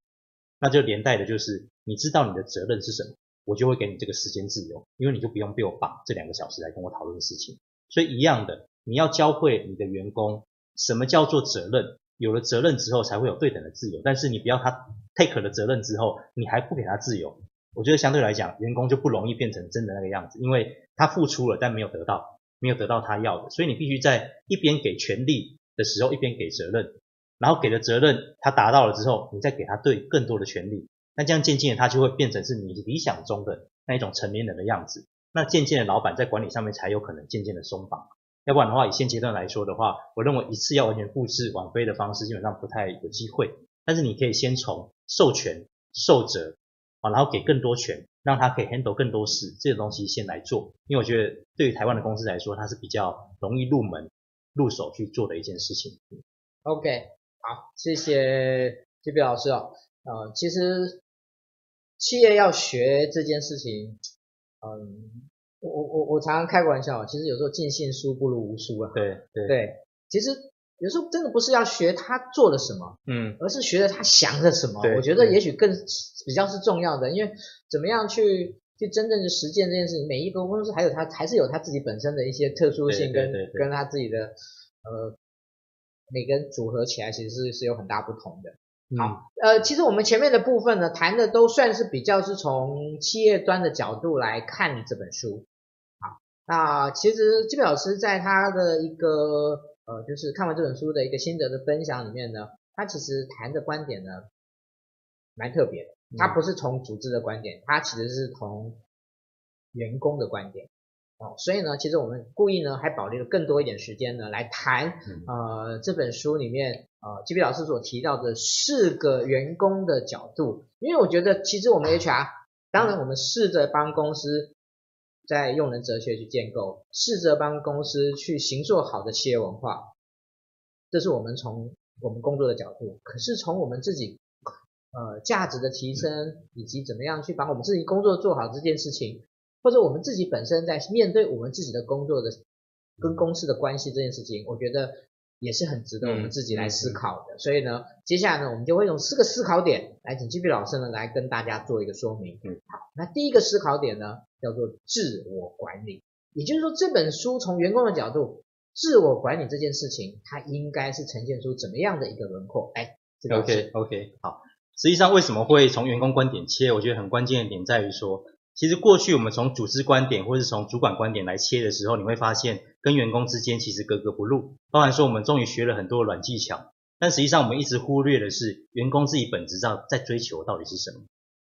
那就連帶的就是，你知道你的責任是什麼，我就會給你這個時間自由，因為你就不用被我綁這兩個小時來跟我討論事情。所以一樣的，你要教會你的員工什麼叫做責任，有了責任之後才會有對等的自由。但是你不要他 take 了責任之後，你還不給他自由。我覺得相對來講，員工就不容易變成真的那個樣子，因為他付出了但沒有得到。沒有得到他要的，所以你必須在一邊給權力的時候，一邊給責任，然後給了責任，他達到了之後，你再給他對更多的權力。那這樣漸漸的他就會變成是你理想中的那一種成年人的樣子，那漸漸的老闆在管理上面才有可能漸漸的鬆綁，要不然的話，以現階段來說的話，我認為一次要完全複製網飛的方式基本上不太有機會，但是你可以先從授權、授責啊，然後給更多權。讓他可以 handle 更多事，這個東西先來做，因為我覺得對於台灣的公司來說，它是比較容易入門、入手去做的一件事情。OK，好，謝謝吉比老師哦。呃，其實企業要學這件事情，嗯，我我我常常開個玩笑，其實有時候盡信書不如無書啊。對對對，其實。有時候真的不是要學他做了什麼，嗯，而是學了他想了什麼。我覺得也許更比較是重要的，因為怎麼樣去去真正的實踐這件事情，每一個公司還有它還是有它自己本身的一些特殊性跟、跟跟他自己的呃每個人組合起來其實是是有很大不同的。好、嗯嗯，呃，其實我們前面的部分呢，談的都算是比較是從企業端的角度來看這本書。好，那、呃、其實 Gipi 老師在他的一個。呃，就是看完這本書的一個心得的分享裡面呢，他其實談的觀點呢，蠻特別的。他不是從組織的觀點，他其實是從員工的觀點。哦，所以呢，其實我們故意呢還保留了更多一點時間呢，來談呃這本書裡面呃吉比老師所提到的四個員工的角度，因為我覺得其實我們 HR，啊，當然我們試着幫公司。在用人哲學去建構，試着幫公司去行做好的企業文化，這是我們從我們工作的角度，可是從我們自己，呃，價值的提升，以及怎麼樣去把我們自己工作做好這件事情，或者我們自己本身在面對我們自己的工作的，跟公司的關係這件事情，我覺得。也是很值得我們自己來思考的。嗯嗯，所以呢，接下來呢，我們就會用四個思考點來請 Gipi 老師呢，來跟大家做一個說明。嗯，好，那第一個思考點呢，叫做自我管理，也就是說，這本書從員工的角度，自我管理這件事情，它應該是呈現出怎麼樣的一個輪廓？哎，這個 OK OK，好，實際上為什麼會從員工觀點切？我覺得很關鍵的點在於說。其實過去我們從組織觀點或是從主管觀點來切的時候，你會發現跟員工之間其實格格不入。包含說我們終於學了很多的軟技巧，但實際上我們一直忽略的是員工自己本質上在追求到底是什麼。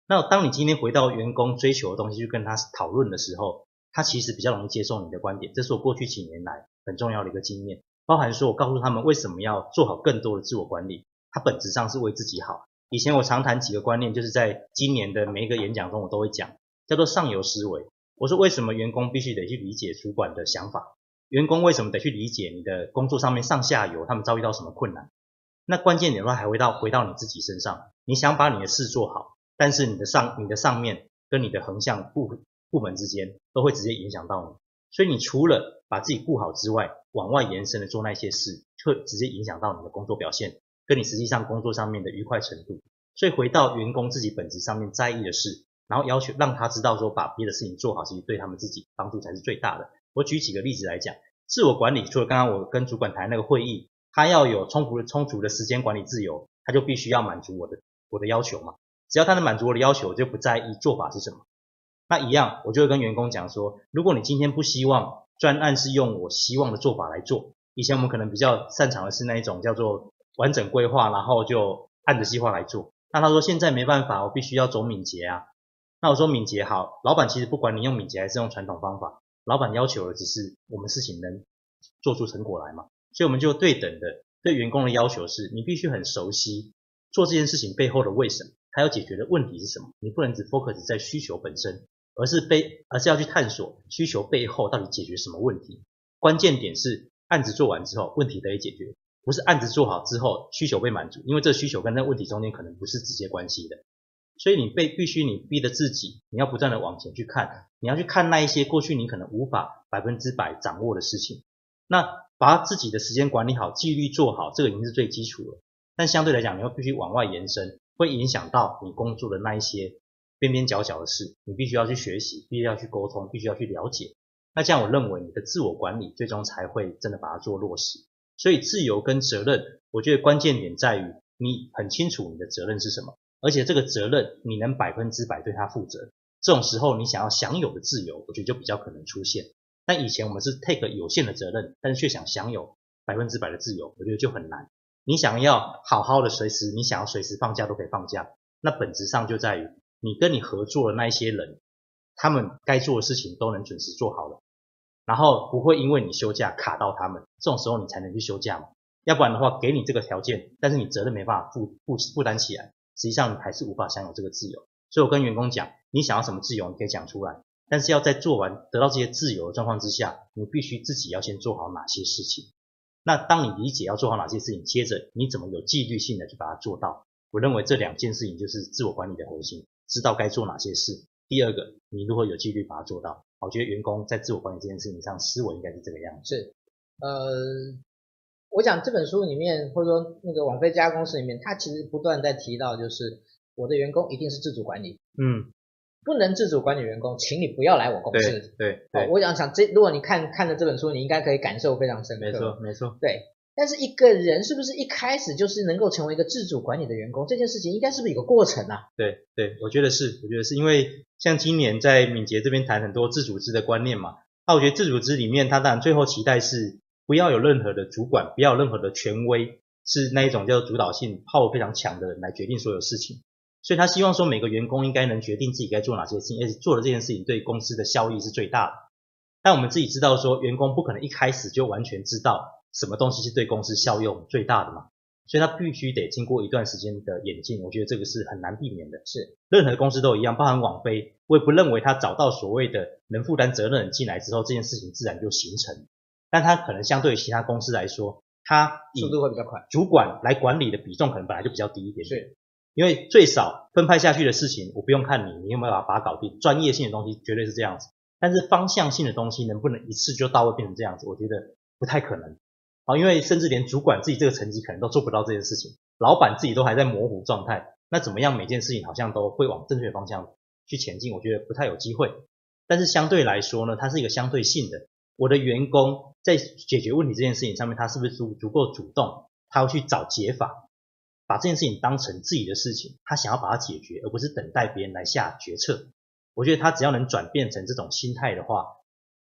那當你今天回到員工追求的東西去跟他討論的時候，他其實比較容易接受你的觀點。這是我過去幾年來很重要的一個經驗。包含說我告訴他們為什麼要做好更多的自我管理，他本質上是為自己好。以前我常談幾個觀念，就是在今年的每一個演講中我都會講。叫做上游思維。我說為什麼員工必須得去理解主管的想法？員工為什麼得去理解你的工作上面上下游他們遭遇到什麼困難？那關鍵點的話，還回到回到你自己身上。你想把你的事做好，但是你的上你的上面跟你的橫向部部門之間都會直接影響到你。所以你除了把自己顧好之外，往外延伸的做那些事，會直接影響到你的工作表現，跟你實際上工作上面的愉快程度。所以回到員工自己本質上面在意的事。然後要求讓他知道說，把別的事情做好，其實對他們自己幫助才是最大的。我舉幾個例子來講，自我管理，除了剛剛我跟主管談那個會議，他要有充足的充足的時間管理自由，他就必須要滿足我的我的要求嘛。只要他能滿足我的要求，我就不在意做法是什麼。那一樣，我就會跟員工講說，如果你今天不希望專案是用我希望的做法來做，以前我們可能比較擅長的是那一種叫做完整規劃，然後就按着計劃來做。那他說現在沒辦法，我必須要走敏捷啊。那我說敏捷好，老闆其實不管你用敏捷還是用傳統方法，老闆要求的只是我們事情能做出成果來嘛。所以我們就對等的對員工的要求是，你必須很熟悉做這件事情背後的為什麼，他要解決的問題是什麼。你不能只 focus 在需求本身，而是被而是要去探索需求背後到底解決什麼問題。關鍵點是案子做完之後問題得以解決，不是案子做好之後需求被滿足，因為這需求跟那問題中間可能不是直接關係的。所以你被必須你逼着自己，你要不斷的往前去看，你要去看那一些過去你可能無法百分之百掌握的事情。那把自己的時間管理好，紀律做好，這個已經是最基礎了。但相對來講，你要必須往外延伸，會影響到你工作的那一些邊邊角角的事，你必須要去學習，必須要去溝通，必須要去了解。那這樣我認為你的自我管理最終才會真的把它做落實。所以自由跟責任，我覺得關鍵點在於你很清楚你的責任是什麼。而且這個責任你能百分之百對他負責，這種時候你想要享有的自由，我覺得就比較可能出現。但以前我們是 take 有限的責任，但是卻想享有百分之百的自由，我覺得就很難。你想要好好的隨時，你想要隨時放假都可以放假，那本質上就在於你跟你合作的那一些人，他們該做的事情都能準時做好了，然後不會因為你休假卡到他們，這種時候你才能去休假嘛。要不然的話，給你這個條件，但是你責任沒辦法負負負擔起來，實際上你還是無法享有這個自由，所以我跟員工講，你想要什麼自由，你可以講出來，但是要在做完、得到這些自由的狀況之下，你必須自己要先做好哪些事情。那當你理解要做好哪些事情，接着你怎麼有紀律性的去把它做到？我認為這兩件事情就是自我管理的核心，知道該做哪些事。第二個，你如何有紀律把它做到？我覺得員工在自我管理這件事情上思維應該是這個樣子。是，呃。我想這本書裡面，或者說那個網飛這家公司裡面，它其實不斷在提到，就是我的員工一定是自主管理，嗯，不能自主管理員工，請你不要來我公司。對對、對，我想想這，如果你看看了這本書，你應該可以感受非常深刻。沒錯沒錯。對，但是一個人是不是一開始就是能夠成為一個自主管理的員工，這件事情應該是不是有個過程啊？對對，我覺得是，我覺得是因為像今年在敏捷這邊談很多自組織的觀念嘛，那我覺得自組織裡面，他當然最後期待是。不要有任何的主管，不要有任何的權威，是那一種叫做主導性、power 非常強的人來決定所有事情。所以他希望說，每個員工應該能決定自己該做哪些事情，而且做了這件事情對公司的效益是最大的。但我們自己知道說，員工不可能一開始就完全知道什麼東西是對公司效用最大的嘛，所以他必須得經過一段時間的演進。我覺得這個是很難避免的，是任何公司都一樣，包含網飛，我也不認為他找到所謂的能負擔責任進來之後，這件事情自然就形成。但它可能相對於其他公司來說，它速度會比較快。主管來管理的比重可能本來就比較低一點點，對，因為最少分派下去的事情，我不用看你，你有沒有辦法把它搞定。專業性的東西絕對是這樣子，但是方向性的東西能不能一次就到位變成這樣子，我覺得不太可能。啊，因為甚至連主管自己這個層級可能都做不到這件事情，老闆自己都還在模糊狀態，那怎麼樣每件事情好像都會往正確的方向去前進，我覺得不太有機會。但是相對來說呢，它是一個相對性的。我的員工在解決問題這件事情上面，他是不是足足夠主動？他要去找解法，把這件事情當成自己的事情，他想要把它解決，而不是等待別人來下決策。我覺得他只要能轉變成這種心態的話，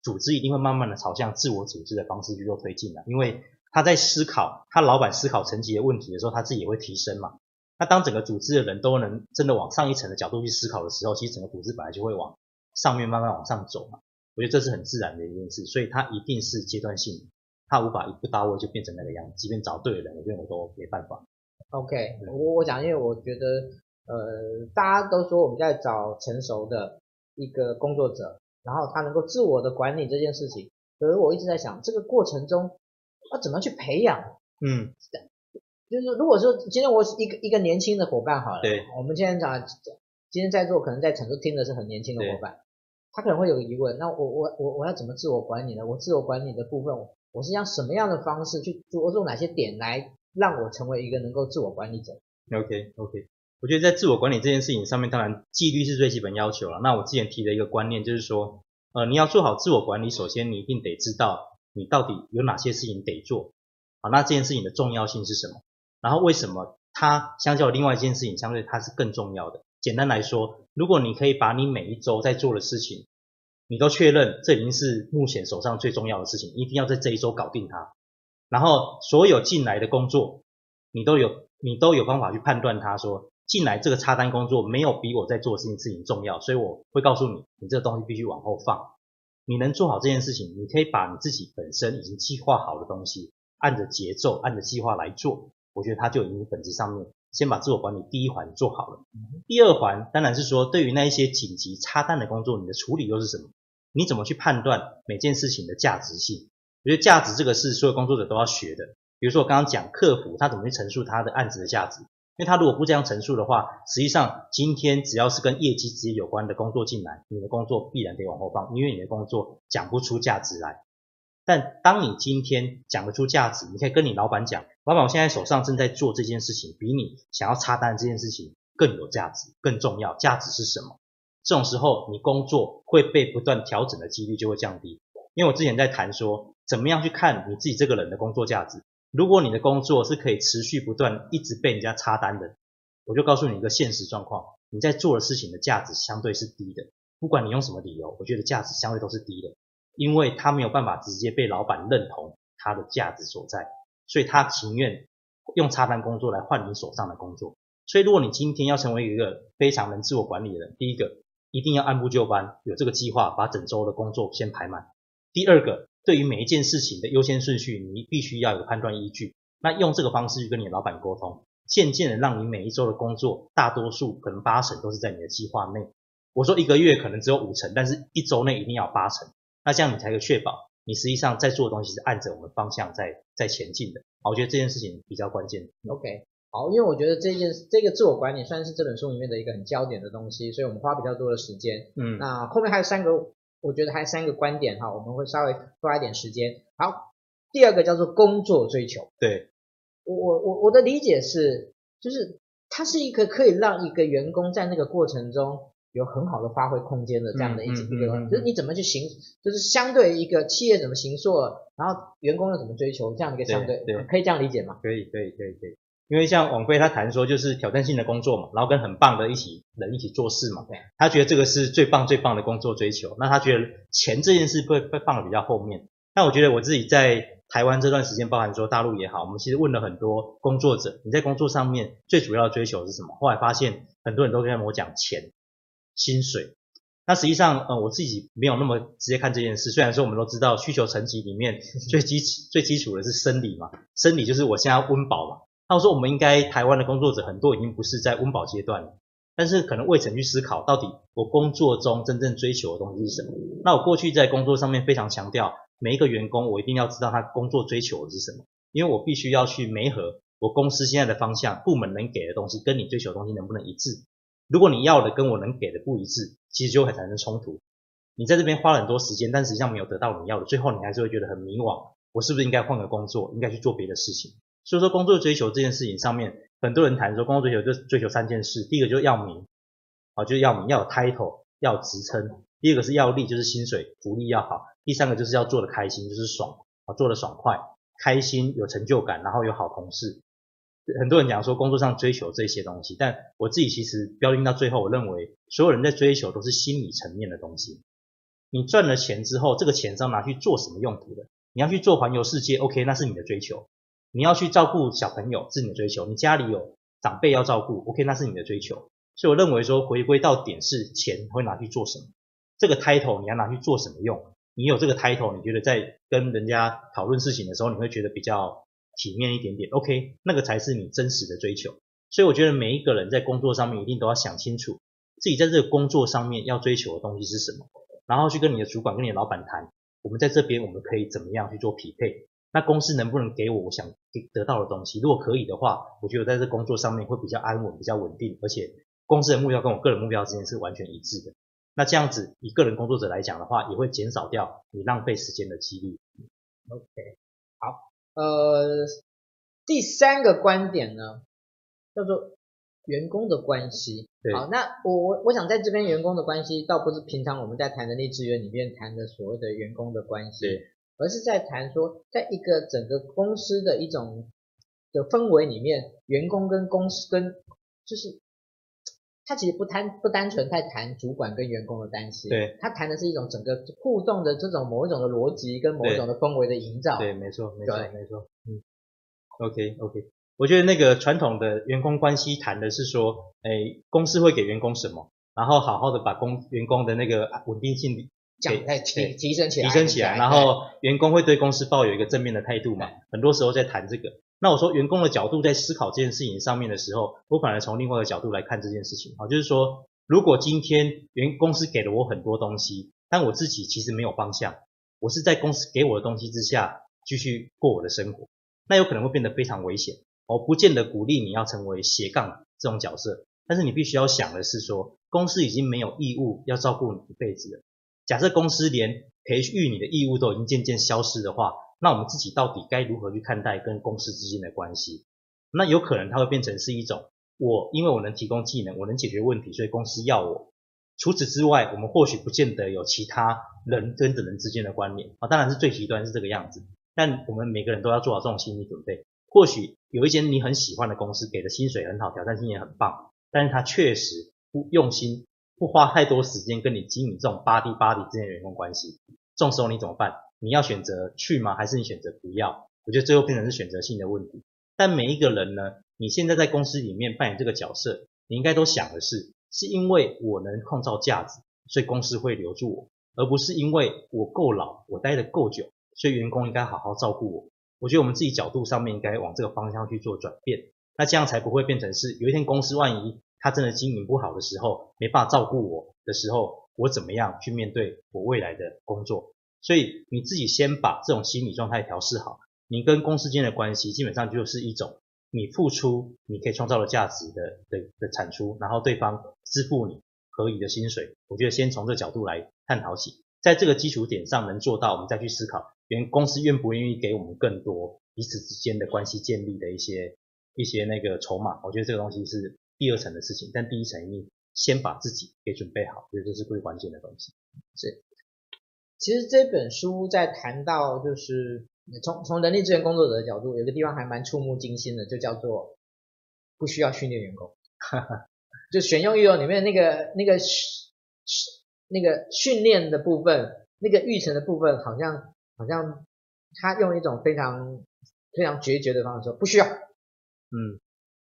組織一定會慢慢的朝向自我組織的方式去做推進的。因為他在思考他老板思考層級的問題的時候，他自己也會提升嘛。那當整個組織的人都能真的往上一層的角度去思考的時候，其實整個組織本來就會往上面慢慢往上走嘛。我覺得這是很自然的一件事，所以它一定是階段性，它無法一步到位就變成那個樣子，即便找對了人，我跟我都沒辦法。OK，我我講，因為我覺得，呃，大家都說我們在找成熟的一個工作者，然後他能夠自我的管理這件事情。可是我一直在想，這個過程中要怎麼去培養？嗯，就是如果說今天我是一個一個年輕的伙伴好了，對，我們今天講，今天在座可能在成都聽的是很年輕的伙伴。他可能會有疑問，那我我我我要怎麼自我管理呢？我自我管理的部分，我是用什麼樣的方式去着重哪些點來讓我成為一個能夠自我管理者？OK OK，我覺得在自我管理這件事情上面，當然紀律是最基本要求了。那我之前提的一個觀念就是說，呃，你要做好自我管理，首先你一定得知道你到底有哪些事情得做啊，那這件事情的重要性是什麼？然後為什麼它相較另外一件事情相對它是更重要的？簡單來說，如果你可以把你每一周在做的事情，你都確認這已經是目前手上最重要的事情，一定要在這一周搞定它，然後所有進來的工作，你都有你都有方法去判斷它說，說進來這個插單工作沒有比我在做這件事情重要，所以我會告訴你，你這個東西必須往後放。你能做好這件事情，你可以把你自己本身已經計劃好的東西，按着節奏按着計劃來做，我覺得它就已經是本質上面。先把自我管理第一環做好了，第二環當然是說，對於那一些緊急插單的工作，你的處理又是什麼？你怎麼去判斷每件事情的價值性？我覺得價值這個是所有工作者都要學的。比如說我剛剛講客服，他怎麼去陳述他的案子的價值？因為他如果不這樣陳述的話，實際上今天只要是跟業績直接有關的工作進來，你的工作必然得往後放，因為你的工作講不出價值來。但當你今天講得出價值，你可以跟你老闆講。老闆，我現在手上正在做這件事情，比你想要插單的這件事情更有價值、更重要。價值是什麼？這種時候，你工作會被不斷調整的幾率就會降低。因為我之前在談說，怎麼樣去看你自己這個人的工作價值。如果你的工作是可以持續不斷一直被人家插單的，我就告訴你一個現實狀況：你在做的事情的價值相對是低的。不管你用什麼理由，我覺得價值相對都是低的，因為他沒有辦法直接被老闆認同他的價值所在。所以他情願用插單工作來換你手上的工作。所以如果你今天要成為一個非常能自我管理的人，第一個一定要按部就班，有這個計劃，把整周的工作先排滿。第二個，對於每一件事情的優先順序，你必須要有判斷依據。那用這個方式去跟你老板溝通，漸漸的讓你每一周的工作，大多數可能八成都是在你的計劃內。我說一個月可能只有五成，但是一周內一定要八成，那這樣你才有確保。你實際上在做的東西是按着我們方向在在前進的，好，我覺得這件事情比較關鍵。OK，好，因為我覺得這件這個自我管理算是這本書裡面的一個很焦點的東西，所以我們花比較多的時間。嗯，那後面還有三個，我覺得還有三個觀點哈，我們會稍微花一點時間。好，第二個叫做工作追求。對，我我我我的理解是，就是它是一個可以讓一個員工在那個過程中。有很好的發揮空間的這樣的一種、嗯嗯嗯嗯、就是你怎麼去形，就是相對一個企業怎麼形塑，然後員工又怎麼追求這樣一個相對，對對可以這樣理解嗎？可以可以可以可以，因為像網飛他談說就是挑戰性的工作嘛，然後跟很棒的一起人一起做事嘛，他覺得這個是最棒最棒的工作追求。那他覺得錢這件事會會放的比較後面。但我覺得我自己在台灣這段時間，包含說大陸也好，我們其實問了很多工作者，你在工作上面最主要的追求是什麼？後來發現很多人都跟我講錢。薪水，那實際上，呃、嗯，我自己沒有那麼直接看這件事。雖然說我們都知道需求層級裡面最基 最基礎的是生理嘛，生理就是我現在要溫飽嘛。那我說我們應該台灣的工作者很多已經不是在溫飽階段了，但是可能未曾去思考到底我工作中真正追求的東西是什麼。那我過去在工作上面非常強調，每一個員工我一定要知道他工作追求的是什麼，因為我必須要去媒合我公司現在的方向、部門能給的東西跟你追求的東西能不能一致。如果你要的跟我能給的不一致，其實就會產生衝突。你在這邊花了很多時間，但實際上沒有得到你要的，最後你還是會覺得很迷惘。我是不是應該換個工作，應該去做別的事情？所以說，工作追求這件事情上面，很多人談說，工作追求就追求三件事：第一個就是要名，啊，就是要名，要有 title，要有職稱；第二個是要利，就是薪水、福利要好；第三個就是要做的開心，就是爽，啊，做的爽快，開心，有成就感，然後有好同事。很多人講說工作上追求這些東西，但我自己其實標定到最後，我認為所有人在追求都是心理層面的東西。你賺了錢之後，這個錢是要拿去做什麼用途的？你要去做環遊世界，OK，那是你的追求；你要去照顧小朋友，是你的追求；你家裡有長輩要照顧，OK，那是你的追求。所以我認為說，回歸到點是錢會拿去做什麼？這個 title 你要拿去做什麼用？你有這個 title，你覺得在跟人家討論事情的時候，你會覺得比較，體面一點點，OK，那個才是你真實的追求。所以我覺得每一個人在工作上面一定都要想清楚，自己在這個工作上面要追求的東西是什麼，然後去跟你的主管、跟你的老闆談，我們在這邊我們可以怎麼樣去做匹配？那公司能不能給我我想得到的東西？如果可以的話，我覺得我在這個工作上面會比較安穩、比較穩定，而且公司的目標跟我個人目標之間是完全一致的。那這樣子，以個人工作者來講的話，也會減少掉你浪費時間的機率。OK，好。呃，第三個觀點呢，叫做員工的關係。對，好，那我我我想在這邊員工的關係，倒不是平常我們在談人力資源裡面談的所謂的員工的關係，對，而是在談說，在一個整個公司的一種的氛圍裡面，員工跟公司跟就是。他其實不單不單純在談主管跟員工的擔心，對，他談的是一種整個互動的這種某一種的邏輯跟某一種的氛圍的營造對。對，沒錯，沒錯，沒錯。嗯，OK，OK。Okay, okay. 我覺得那個傳統的員工關係談的是說，哎，公司會給員工什麼，然後好好的把工員工的那個穩定性給講提提升，提升起來，提升起來，然後員工會對公司抱有一個正面的態度嘛，很多時候在談這個。那我說，員工的角度在思考這件事情上面的時候，我反而從另外一個角度來看這件事情啊，就是說，如果今天原公司給了我很多東西，但我自己其實沒有方向，我是在公司給我的東西之下繼續過我的生活，那有可能會變得非常危險。我不見得鼓勵你要成為斜槓這種角色，但是你必須要想的是說，公司已經沒有義務要照顧你一輩子了。假設公司連培育你的義務都已經漸漸消失的話。那我們自己到底該如何去看待跟公司之間的關係？那有可能它會變成是一種，我因為我能提供技能，我能解決問題，所以公司要我。除此之外，我們或許不見得有其他人跟人之間的關聯啊。當然是最極端是這個樣子，但我們每個人都要做好這種心理準備。或許有一間你很喜歡的公司，給的薪水很好，挑戰性也很棒，但是它確實不用心，不花太多時間跟你經營這種 buddy buddy 之間的員工關係。這種時候你怎麼辦？你要選擇去嗎？還是你選擇不要？我覺得最後變成是選擇性的問題。但每一個人呢，你現在在公司裡面扮演這個角色，你應該都想的是，是因為我能創造價值，所以公司會留住我，而不是因為我夠老，我待得夠久，所以員工應該好好照顧我。我覺得我們自己角度上面應該往這個方向去做轉變，那這樣才不會變成是有一天公司萬一他真的經營不好的時候，沒辦法照顧我的時候，我怎麼樣去面對我未來的工作？所以你自己先把這種心理狀態調適好，你跟公司間的關係基本上就是一種你付出你可以創造的價值的的的產出，然後對方支付你合理的薪水。我覺得先從這角度來探討起，在這個基礎點上能做到，我們再去思考原公司願不願意給我們更多彼此之間的關係建立的一些一些那個籌碼。我覺得這個東西是第二層的事情，但第一層你先把自己給準備好，我覺得這是最關鍵的東西。是。其實這本書在談到，就是從從人力資源工作者的角度，有個地方還蠻觸目驚心的，就叫做不需要訓練員工。哈哈，就選用育留裡面那個那個那個訓練的部分，那個育成的部分，好像好像他用一種非常非常決絕的方式說不需要。嗯，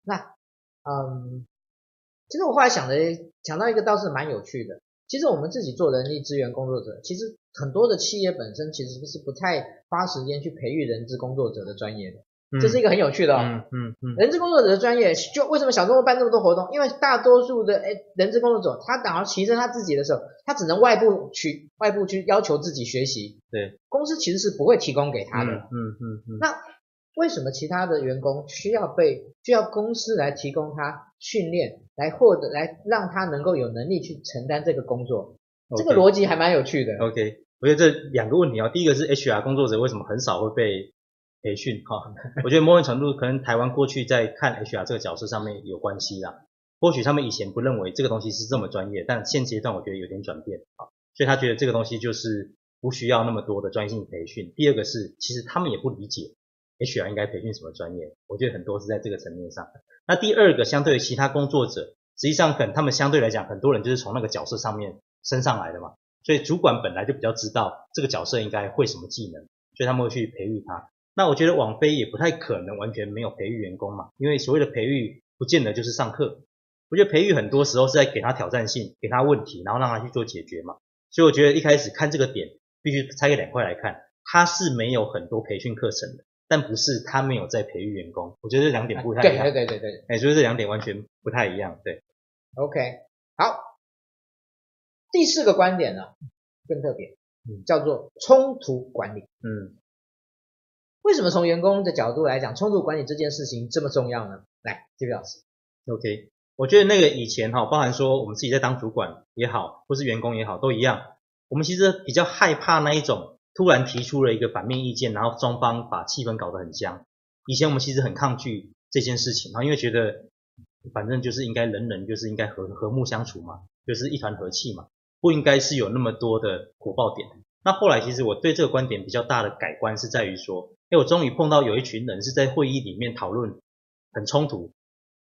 那嗯，其實我後來想的，想到一個倒是蠻有趣的。其實我們自己做人力資源工作者，其實很多的企業本身其實是不太花時間去培育人資工作者的專業的。的，嗯，這是一個很有趣的哦。嗯嗯嗯。人資工作者的專業，就為什麼小眾會辦這麼多活動？因為大多數的誒人資工作者，他想要提升他自己的時候，他只能外部去外部去要求自己學習。對。公司其實是不會提供給他的。嗯嗯嗯，嗯。那為什麼其他的員工需要被需要公司來提供他訓練來獲得，來讓他能夠有能力去承擔這個工作，okay. 這個邏輯還蠻有趣的。OK，我覺得這兩個問題啊、哦，第一個是 HR 工作者為什麼很少會被培訓哈？哦、 我覺得某種程度可能台灣過去在看 HR 這個角色上面有關係啦，或許他們以前不認為這個東西是這麼專業，但現階段我覺得有點轉變啊、哦，所以他覺得這個東西就是不需要那麼多的專業性培訓。第二個是其實他們也不理解 HR 應該培訓什麼專業，我覺得很多是在這個層面上。那第二個，相對於其他工作者，實際上可能他們相對來講，很多人就是從那個角色上面升上來的嘛，所以主管本來就比較知道這個角色應該會什麼技能，所以他們會去培育他。那我覺得網飛也不太可能完全沒有培育員工嘛，因為所謂的培育不見得就是上課，我覺得培育很多時候是在給他挑戰性，給他問題，然後讓他去做解決嘛。所以我覺得一開始看這個點，必須拆開兩塊來看，他是沒有很多培訓課程的。但不是他沒有在培育員工，我覺得這兩點不太一樣。對對對對，哎、欸，所以這兩點完全不太一樣，對。OK，好，第四個觀點呢、啊，更特別，嗯，叫做衝突管理。嗯，為什麼從員工的角度來講，衝突管理這件事情這麼重要呢？來，這位老師。OK，我覺得那個以前哈、哦，包含說我們自己在當主管也好，或是員工也好，都一樣，我們其實比較害怕那一種。突然提出了一個反面意見，然後雙方把氣氛搞得很僵。以前我們其實很抗拒這件事情，然後因為覺得反正就是應該人人就是應該和和睦相處嘛，就是一團和氣嘛，不應該是有那麼多的火爆點。那後來其實我對這個觀點比較大的改觀是在於說，誒，我終於碰到有一群人是在會議裡面討論很衝突，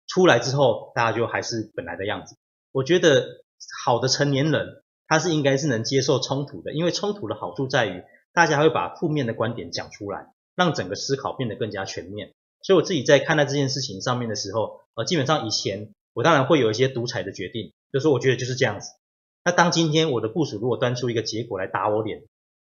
出來之後大家就還是本來的樣子。我覺得好的成年人他是應該是能接受衝突的，因為衝突的好處在於。大家還會把負面的觀點講出來，讓整個思考變得更加全面。所以我自己在看待這件事情上面的時候，呃，基本上以前我當然會有一些獨裁的決定，就是我覺得就是這樣子。那當今天我的部署，如果端出一個結果來打我臉，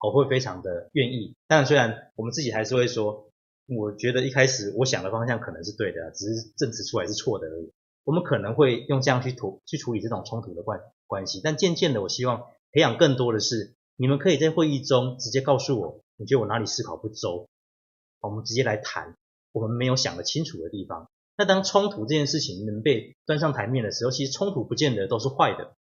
我會非常的願意。當然，雖然我們自己還是會說，我覺得一開始我想的方向可能是對的，只是證實出來是錯的而已。我們可能會用這樣去處去處理這種衝突的關關係，但漸漸的，我希望培養更多的是。你們可以在會議中直接告訴我，你覺得我哪裡思考不周？好，我們直接來談我們沒有想得清楚的地方。那當衝突這件事情能被端上台面的時候，其實衝突不見得都是壞的。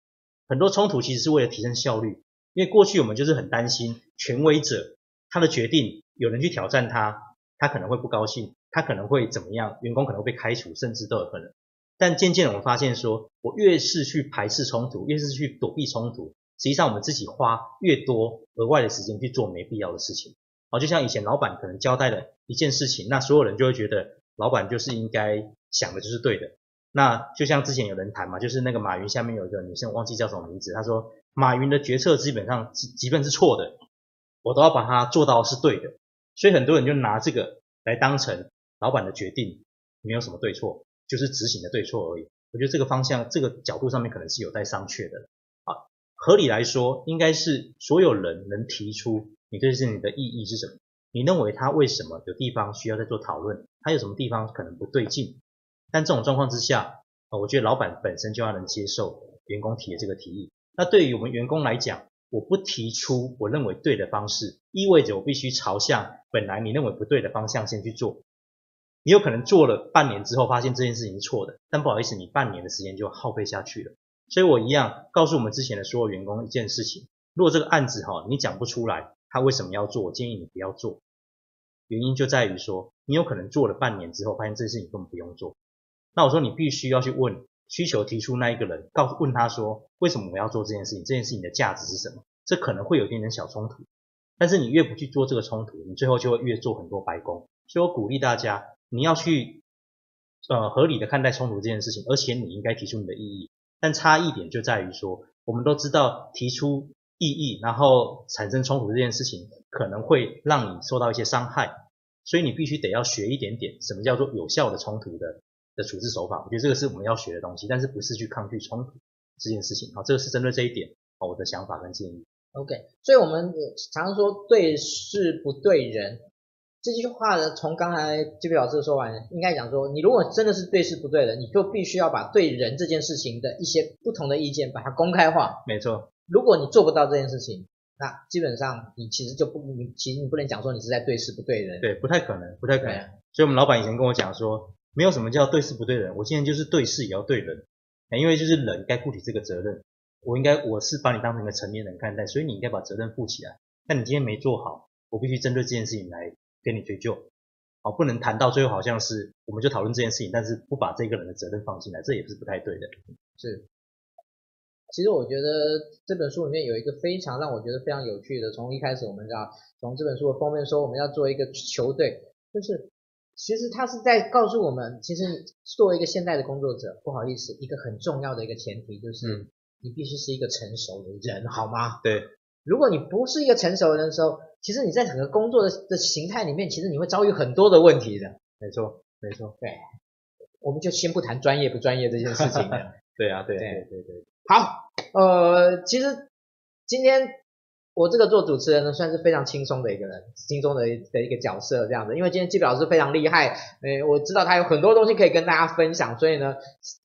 很多衝突其實是為了提升效率，因為過去我們就是很擔心權威者他的決定有人去挑戰他，他可能會不高興，他可能會怎麼樣，員工可能會被開除，甚至都有可能。但漸漸我們發現說，我越是去排斥衝突，越是去躲避衝突。實際上，我們自己花越多額外的時間去做沒必要的事情，哦，就像以前老板可能交代的一件事情，那所有人就會覺得老板就是應該想的就是對的。那就像之前有人談嘛，就是那個馬雲下面有一個女生忘記叫什麼名字，她說馬雲的決策基本上，即便是錯的，我都要把它做到是對的。所以很多人就拿這個來當成老板的決定，沒有什麼對錯，就是執行的對錯而已。我覺得這個方向，這個角度上面可能是有待商榷的。合理來說，應該是所有人能提出你對事情的意義是什麼？你認為他為什麼有地方需要再做討論？他有什麼地方可能不對勁？但這種狀況之下，呃，我覺得老闆本身就要能接受員工提的這個提議。那對於我們員工來講，我不提出我認為對的方式，意味着我必須朝向本來你認為不對的方向先去做。你有可能做了半年之後發現這件事情是錯的，但不好意思，你半年的時間就耗費下去了。所以，我一樣告訴我們之前的所有員工一件事情，如果這個案子哈，你講不出來他為什麼要做，我建議你不要做。原因就在於說，你有可能做了半年之後，發現這件事情根本不用做。那我說，你必須要去問需求提出那一個人，告訴問他說，為什麼我要做這件事情？這件事情的價值是什麼？這可能會有一點點小衝突，但是你越不去做這個衝突，你最後就會越做很多白工。所以我鼓勵大家，你要去呃合理的看待衝突這件事情，而且你應該提出你的異議。但差異點就在於說，我們都知道提出異議，然後產生衝突這件事情，可能會讓你受到一些傷害，所以你必須得要學一點點什麼叫做有效的衝突的的處置手法，我覺得這個是我們要學的東西，但是不是去抗拒衝突這件事情。好，這個是針對這一點，好，我的想法跟建議。OK，所以我們常說對事不對人。這句話呢，從剛才 Gipi 老師說完，應該講說，你如果真的是對事不對人，你就必須要把對人這件事情的一些不同的意見把它公開化。沒錯，如果你做不到這件事情，那基本上你其實就不，你其實你不能講說你是在對事不對人。對，不太可能，不太可能。所以我們老闆以前跟我講說，沒有什麼叫對事不對人，我現在就是對事也要對人，因為就是人該負起這個責任，我應該我是把你當成一個成年人看待，所以你應該把責任負起來。但你今天沒做好，我必須針對這件事情來。跟你追究，好，哦、不能談到最後好像是我們就討論這件事情，但是不把這個人的責任放進來，這也是不太對的。是，其實我覺得這本書裡面有一個非常讓我覺得非常有趣的，從一開始我們要從這本書的封面說，我們要做一個球隊，就是其實他是在告訴我們，其實作為一個現代的工作者，不好意思，一個很重要的一個前提就是，嗯、你必須是一個成熟的人，人好嗎？對，如果你不是一個成熟的人的時候。其實你在整個工作的的形態裡面，其實你會遭遇很多的問題的。沒錯，沒錯。對，我們就先不談專業不專業這件事情了。 對啊，對啊對，對對對。好，呃，其實今天我這個做主持人呢，算是非常輕鬆的一個人，輕鬆的的一個角色這樣子。因為今天 Gipi 老師非常厲害，呃，我知道他有很多東西可以跟大家分享，所以呢，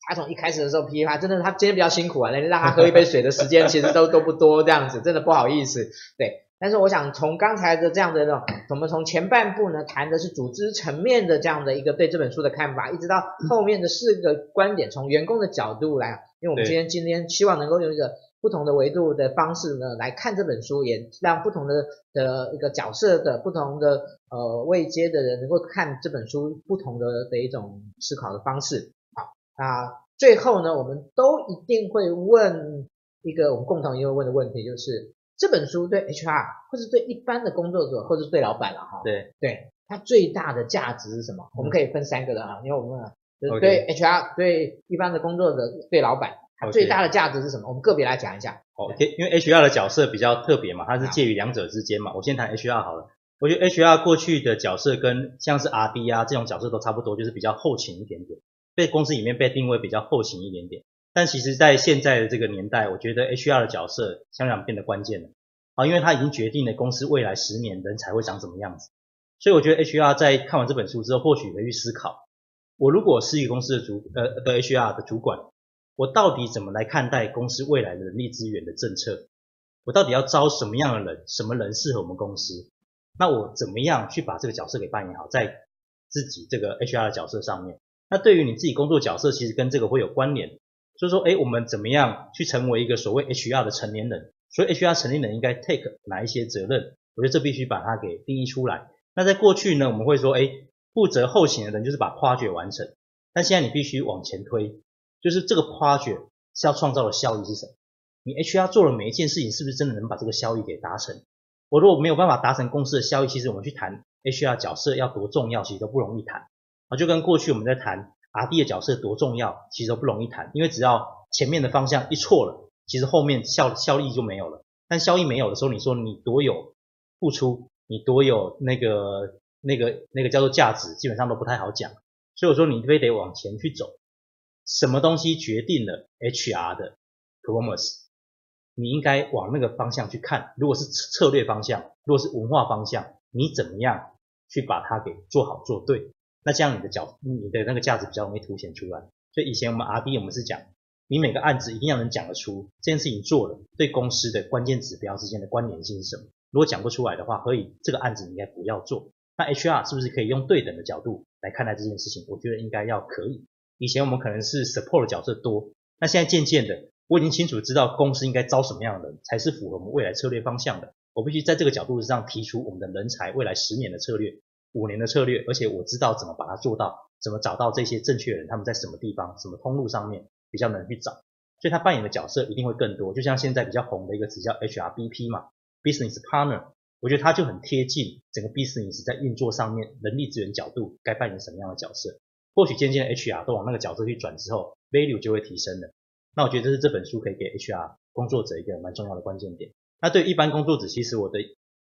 他從一開始的時候批 k，真的他今天比較辛苦啊，連 讓他喝一杯水的時間其實都都不多這樣子，真的不好意思，對。但是我想從剛才的這樣的那種，我們從前半部呢談的是組織層面的這樣的一個對這本書的看法，一直到後面的四個觀點，嗯，從員工的角度來，因為我們今天今天希望能夠用一個不同的維度的方式呢來看這本書，也讓不同的的一個角色的不同的呃位階的人能夠看這本書不同的的一種思考的方式。好，啊，最後呢，我們都一定會問一個我們共同一定會問的問題，就是。這本書對 HR，或是對一般的工作者，或是對老板了哈，對對，它最大的價值是什麼？嗯、我們可以分三個的啊。因為我們就對 HR、okay.、對一般的工作者、對老板，它最大的價值是什麼？Okay. 我們個別來講一下。OK，因為 HR 的角色比較特別嘛，它是介於兩者之間嘛。啊、我先談 HR 好了。我覺得 HR 過去的角色跟像是 RD 啊這種角色都差不多，就是比較後勤一點點，被公司裡面被定位比較後勤一點點。但其實，在現在的這個年代，我覺得 H R 的角色相當變得關鍵了啊，因為它已經決定了公司未來十年人才會長什麼樣子。所以，我覺得 H R 在看完這本書之後，或許會去思考：我如果是一個公司的主呃的 H R 的主管，我到底怎麼來看待公司未來的人力資源的政策？我到底要招什麼樣的人？什麼人適合我們公司？那我怎麼樣去把這個角色給扮演好，在自己這個 H R 的角色上面？那對於你自己工作角色，其實跟這個會有關聯。所以說，哎，我們怎麼樣去成為一個所謂 HR 的成年人？所以 HR 成年人應該 take 哪一些責任？我覺得這必須把它給定義出來。那在過去呢，我們會說，哎，負責後勤的人就是把挖掘完成。但現在你必須往前推，就是這個挖掘是要創造的效益是什麼？你 HR 做了每一件事情，是不是真的能把這個效益給達成？我如果沒有辦法達成公司的效益，其實我們去談 HR 角色要多重要，其實都不容易談。啊，就跟過去我們在談。RD 的角色多重要，其實都不容易談，因為只要前面的方向一錯了，其實後面效效益就沒有了。但效益沒有的時候，你說你多有付出，你多有那個那個那個叫做價值，基本上都不太好講。所以我說你非得往前去走。什麼東西決定了 HR 的 performance？你應該往那個方向去看。如果是策策略方向，如果是文化方向，你怎麼樣去把它給做好做對？那這樣你的角你的那個價值比較容易凸顯出來，所以以前我們 R&D 我們是講，你每個案子一定要能講得出這件事情做了對公司的關鍵指標之間的關聯性是什麼，如果講不出來的話，所以這個案子應該不要做。那 H R 是不是可以用對等的角度來看待這件事情？我覺得應該要可以。以前我們可能是 support 的角色多，那現在漸漸的我已經清楚知道公司應該招什麼樣的人才是符合我們未來策略方向的，我必須在這個角度上提出我們的人才未來十年的策略。五年的策略，而且我知道怎麼把它做到，怎麼找到這些正確的人，他們在什麼地方，什麼通路上面比較能去找，所以他扮演的角色一定會更多。就像現在比較紅的一個詞叫 HRBP 嘛，Business Partner，我覺得他就很貼近整個 business 在運作上面，人力資源角度該扮演什麼樣的角色。或許漸漸 HR 都往那個角色去轉之後，value 就會提升了。那我覺得這是這本書可以給 HR 工作者一個蠻重要的關鍵點。那對一般工作者，其實我的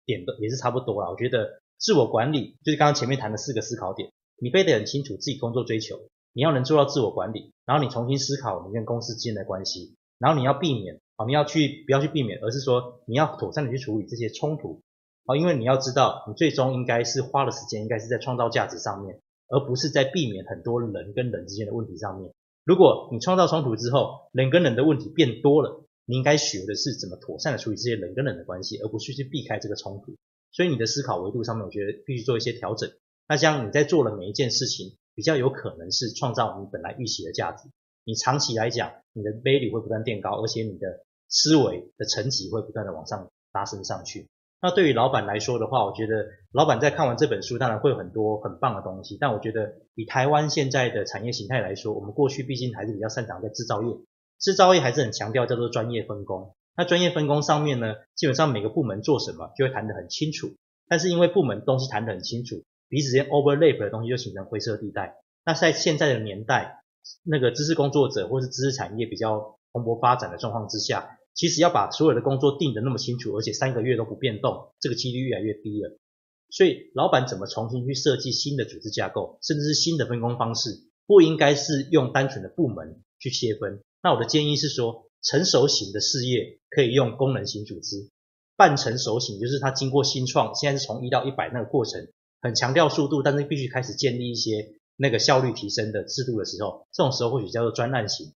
點都也是差不多啦，我覺得。自我管理就是剛剛前面談的四個思考點，你背得很清楚自己工作追求，你要能做到自我管理，然後你重新思考你跟公司之間的關係，然後你要避免啊，你要去不要去避免，而是說你要妥善的去處理這些衝突啊，因為你要知道你最終應該是花了時間應該是在創造價值上面，而不是在避免很多人跟人之間的問題上面。如果你創造衝突之後，人跟人的問題變多了，你應該學的是怎麼妥善的處理這些人跟人的關係，而不是去避開這個衝突。所以你的思考維度上面，我覺得必須做一些調整。那這樣你在做了每一件事情，比較有可能是創造你本來預期的價值。你長期來講，你的倍率會不斷變高，而且你的思維的層級會不斷的往上拉升上去。那對於老板來說的話，我覺得老板在看完這本書，當然會有很多很棒的東西。但我覺得，以台灣現在的產業形態來說，我們過去畢竟還是比較擅長在製造業，製造業還是很強調叫做專業分工。那專業分工上面呢，基本上每個部門做什麼就會談得很清楚。但是因為部門東西談得很清楚，彼此間 overlap 的東西就形成灰色地帶。那在現在的年代，那個知識工作者或是知識產業比較蓬勃發展的狀況之下，其實要把所有的工作定得那麼清楚，而且三個月都不變動，這個幾率越來越低了。所以，老闆怎麼重新去設計新的組織架構，甚至是新的分工方式，不應該是用單純的部門去切分。那我的建議是說，成熟型的事業可以用功能型組織，半成熟型就是它經過新創，現在是從一到一百那個過程，很強調速度，但是必須開始建立一些那個效率提升的制度的時候，這種時候或許叫做專案型。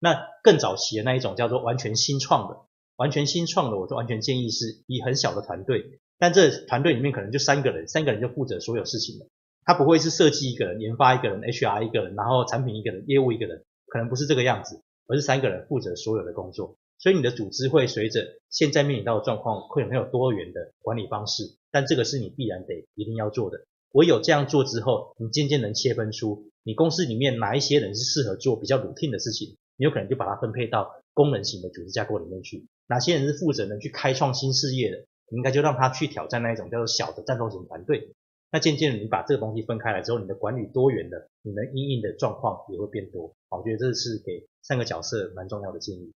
那更早期的那一種叫做完全新創的，完全新創的，我就完全建議是以很小的團隊，但這團隊裡面可能就三個人，三個人就負責所有事情了。他不會是設計一個人、研發一個人、HR 一個人，然後產品一個人、業務一個人，可能不是這個樣子。而是三個人負責所有的工作，所以你的組織會隨着現在面臨到的狀況，會沒有多元的管理方式。但這個是你必然得一定要做的。唯有這樣做之後，你漸漸能切分出你公司裡面哪一些人是適合做比較 routine 的事情，你有可能就把它分配到功能型的組織架構裡面去。哪些人是負責能去開創新事業的，你應該就讓他去挑戰那一種叫做小的戰鬥型團隊。那漸漸你把這個東西分開來之後，你的管理多元了，你能因應的狀況也會變多。我覺得這是給三個角色蠻重要的建議。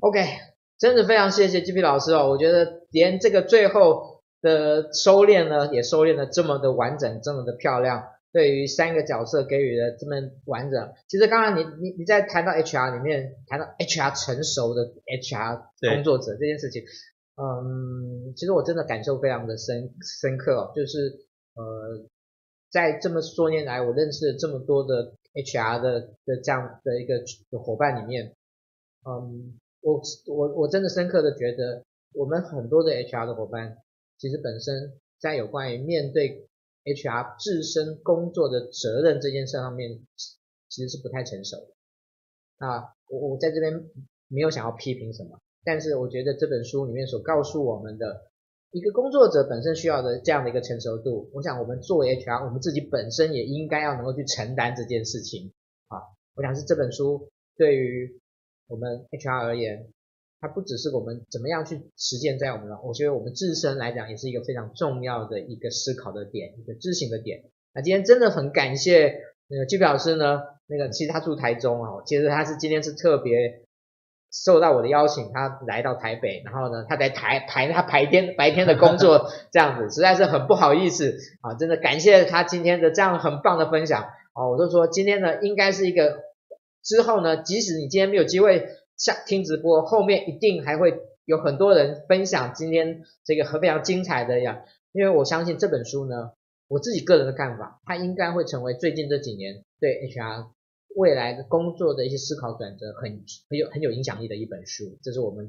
OK，真的非常謝謝 Gipi 老師哦。我覺得連這個最後的收斂呢，也收斂的這麼的完整，這麼的漂亮，對於三個角色給予的這麼完整。其實剛剛你你你在談到 HR 裡面，談到 HR 成熟的 HR 工作者這件事情，嗯，其實我真的感受非常的深深刻哦，就是呃，在這麼多年來，我認識了這麼多的。H R 的的這樣的一個夥伴裡面，嗯，我我我真的深刻的覺得，我們很多的 H R 的夥伴，其實本身在有關於面對 H R 自身工作的責任這件事上面，其實是不太成熟的。那，啊，我我在這邊沒有想要批評什麼，但是我覺得這本書裡面所告訴我們的。一個工作者本身需要的這樣的一個成熟度，我想我們作為 HR，我們自己本身也應該要能夠去承擔這件事情啊。我想是這本書對於我們 HR 而言，它不只是我們怎麼樣去實踐在我們，我覺得我們自身來講也是一個非常重要的一個思考的點，一個知行的點。那今天真的很感謝那個 Gipi 老師呢，那個其實他住台中哦，其實他是今天是特別。受到我的邀請，他來到台北，然後呢，他在臺排他排天白天的工作， 這樣子實在是很不好意思啊！真的感謝他今天的這樣很棒的分享啊、哦！我就說今天呢，應該是一個之後呢，即使你今天沒有機會下聽直播，後面一定還會有很多人分享今天這個很非常精彩的呀，因為我相信這本書呢，我自己個人的看法，它應該會成為最近這幾年對 HR。未來的工作的一些思考轉折很，很很有很有影響力的一本書，這是我們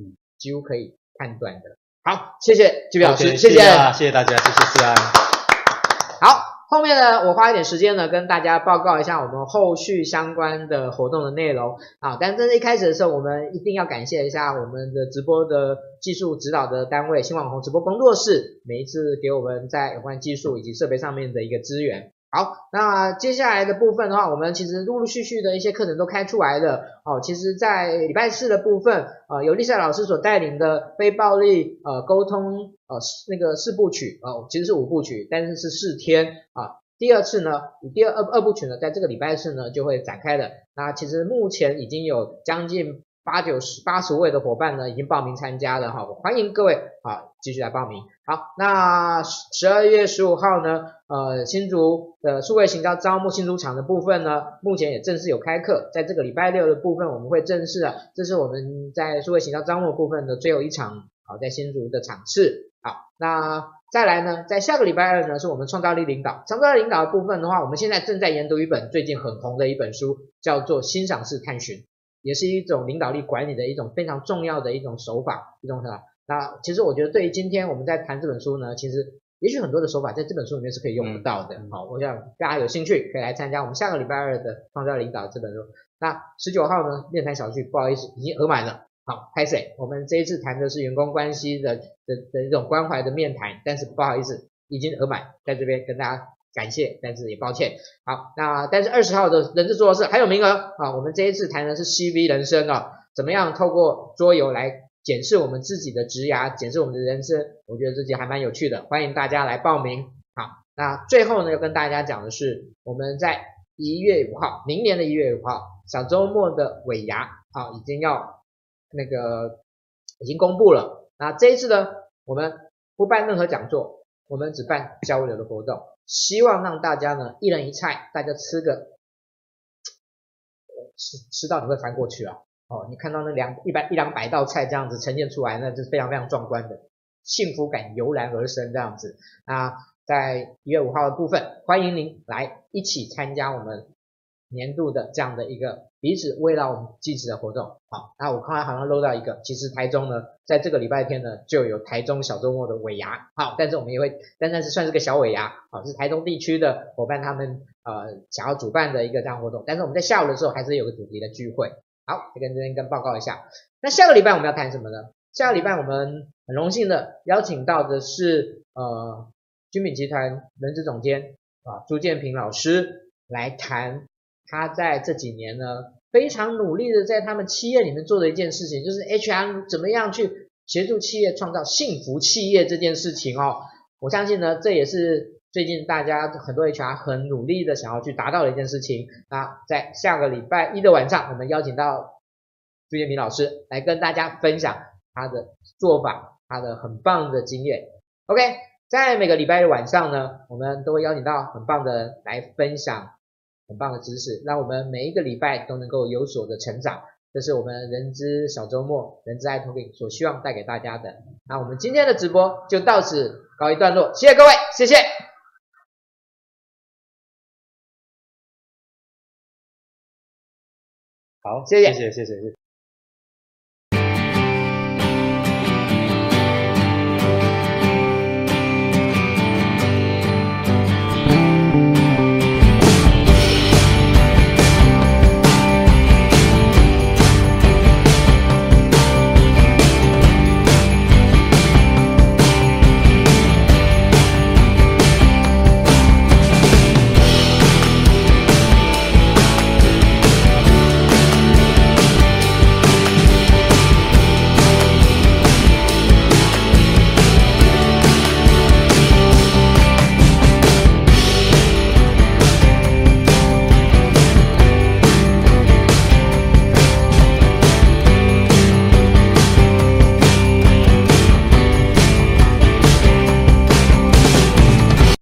嗯幾乎可以判斷的。好，謝謝 Gipi 老師，okay, 謝謝,謝,謝、啊，謝謝大家，謝謝、啊。好，後面呢，我花一點時間呢，跟大家報告一下我們後續相關的活動的內容。好、啊，但真是一開始的時候，我們一定要感謝一下我們的直播的技術指導的單位——新網紅直播工作室，每一次給我們在有關技術以及設備上面的一個資源。好，那、啊、接下來的部分的話，我們其實陸陸續續的一些課程都開出來了。哦，其實，在禮拜四的部分，呃，由麗莎老師所帶領的非暴力呃溝通呃那個四部曲，哦，其實是五部曲，但是是四天啊。第二次呢，第二二二部曲呢，在這個禮拜四呢就會展開的。那其實目前已經有將近。八九十八十位的夥伴呢，已經報名參加了哈，歡迎各位啊，繼續來報名。好，那十二月十五號呢，呃，新竹的數位行銷招募新竹場的部分呢，目前也正式有開課，在這個禮拜六的部分，我們會正式啊。這是我們在數位行銷招募的部分的最後一場，好，在新竹的場次，好，那再來呢，在下個禮拜二呢，是我們創造力領導，創造力領導的部分的話，我們現在正在研讀一本最近很紅的一本書，叫做《欣賞式探尋》。也是一種領導力管理的一種非常重要的一種手法，一種什麼？那其實我覺得對於今天我們在談這本書呢，其實也許很多的手法在這本書裡面是可以用得到的、嗯嗯。好，我想大家有興趣可以來參加我們下個禮拜二的《創造領導》這本書。那十九號呢，面談小聚，不好意思，已經額滿了。好，開始，我們這一次談的是員工關係的的的一種關懷的面談，但是不好意思，已經額滿，在這邊跟大家。感謝，但是也抱歉。好，那但是二十號的人資桌遊還有名額啊。我們這一次談的是 C V 人生啊，怎麼樣透過桌遊來檢視我們自己的職涯，檢視我們的人生？我覺得自己還蠻有趣的，歡迎大家來報名。好，那最後呢要跟大家講的是，我們在一月五號，明年的一月五號小周末的尾牙啊，已經要那個已經公布了。那這一次呢，我們不辦任何講座，我們只辦交流的活動。希望讓大家呢一人一菜，大家吃個吃吃到你會翻過去啊！哦，你看到那兩一百一兩百道菜這樣子呈現出來，那就是非常非常壯觀的，幸福感油然而生這樣子啊！那在一月五號的部分，歡迎您來一起參加我們年度的這樣的一個。彼此圍繞我們計時的活動，好，那我剛才好像漏到一個，其實台中呢，在這個禮拜天呢，就有台中小週末的尾牙，好，但是我們也會，但那是算是個小尾牙，好，是台中地區的夥伴他們呃想要主辦的一個這樣活動，但是我們在下午的時候還是有個主題的聚會，好，跟這邊跟報告一下，那下個禮拜我們要談什麼呢？下個禮拜我們很榮幸的邀請到的是呃君品集團人事總監啊、呃、朱建平老師來談。他在這幾年呢，非常努力的在他們企業裡面做的一件事情，就是 HR 怎麼樣去協助企業創造幸福企業這件事情哦。我相信呢，這也是最近大家很多 HR 很努力的想要去達到的一件事情。那在下個禮拜一的晚上，我們邀請到朱建明老師來跟大家分享他的做法，他的很棒的經驗。OK，在每個禮拜的晚上呢，我們都會邀請到很棒的人來分享。很棒的知識，讓我們每一個禮拜都能夠有所的成長。這是我們人之小周末、人之愛投 o 所希望帶給大家的。那我們今天的直播就到此告一段落，謝謝各位，謝謝。好，謝謝，謝謝，謝謝。謝謝。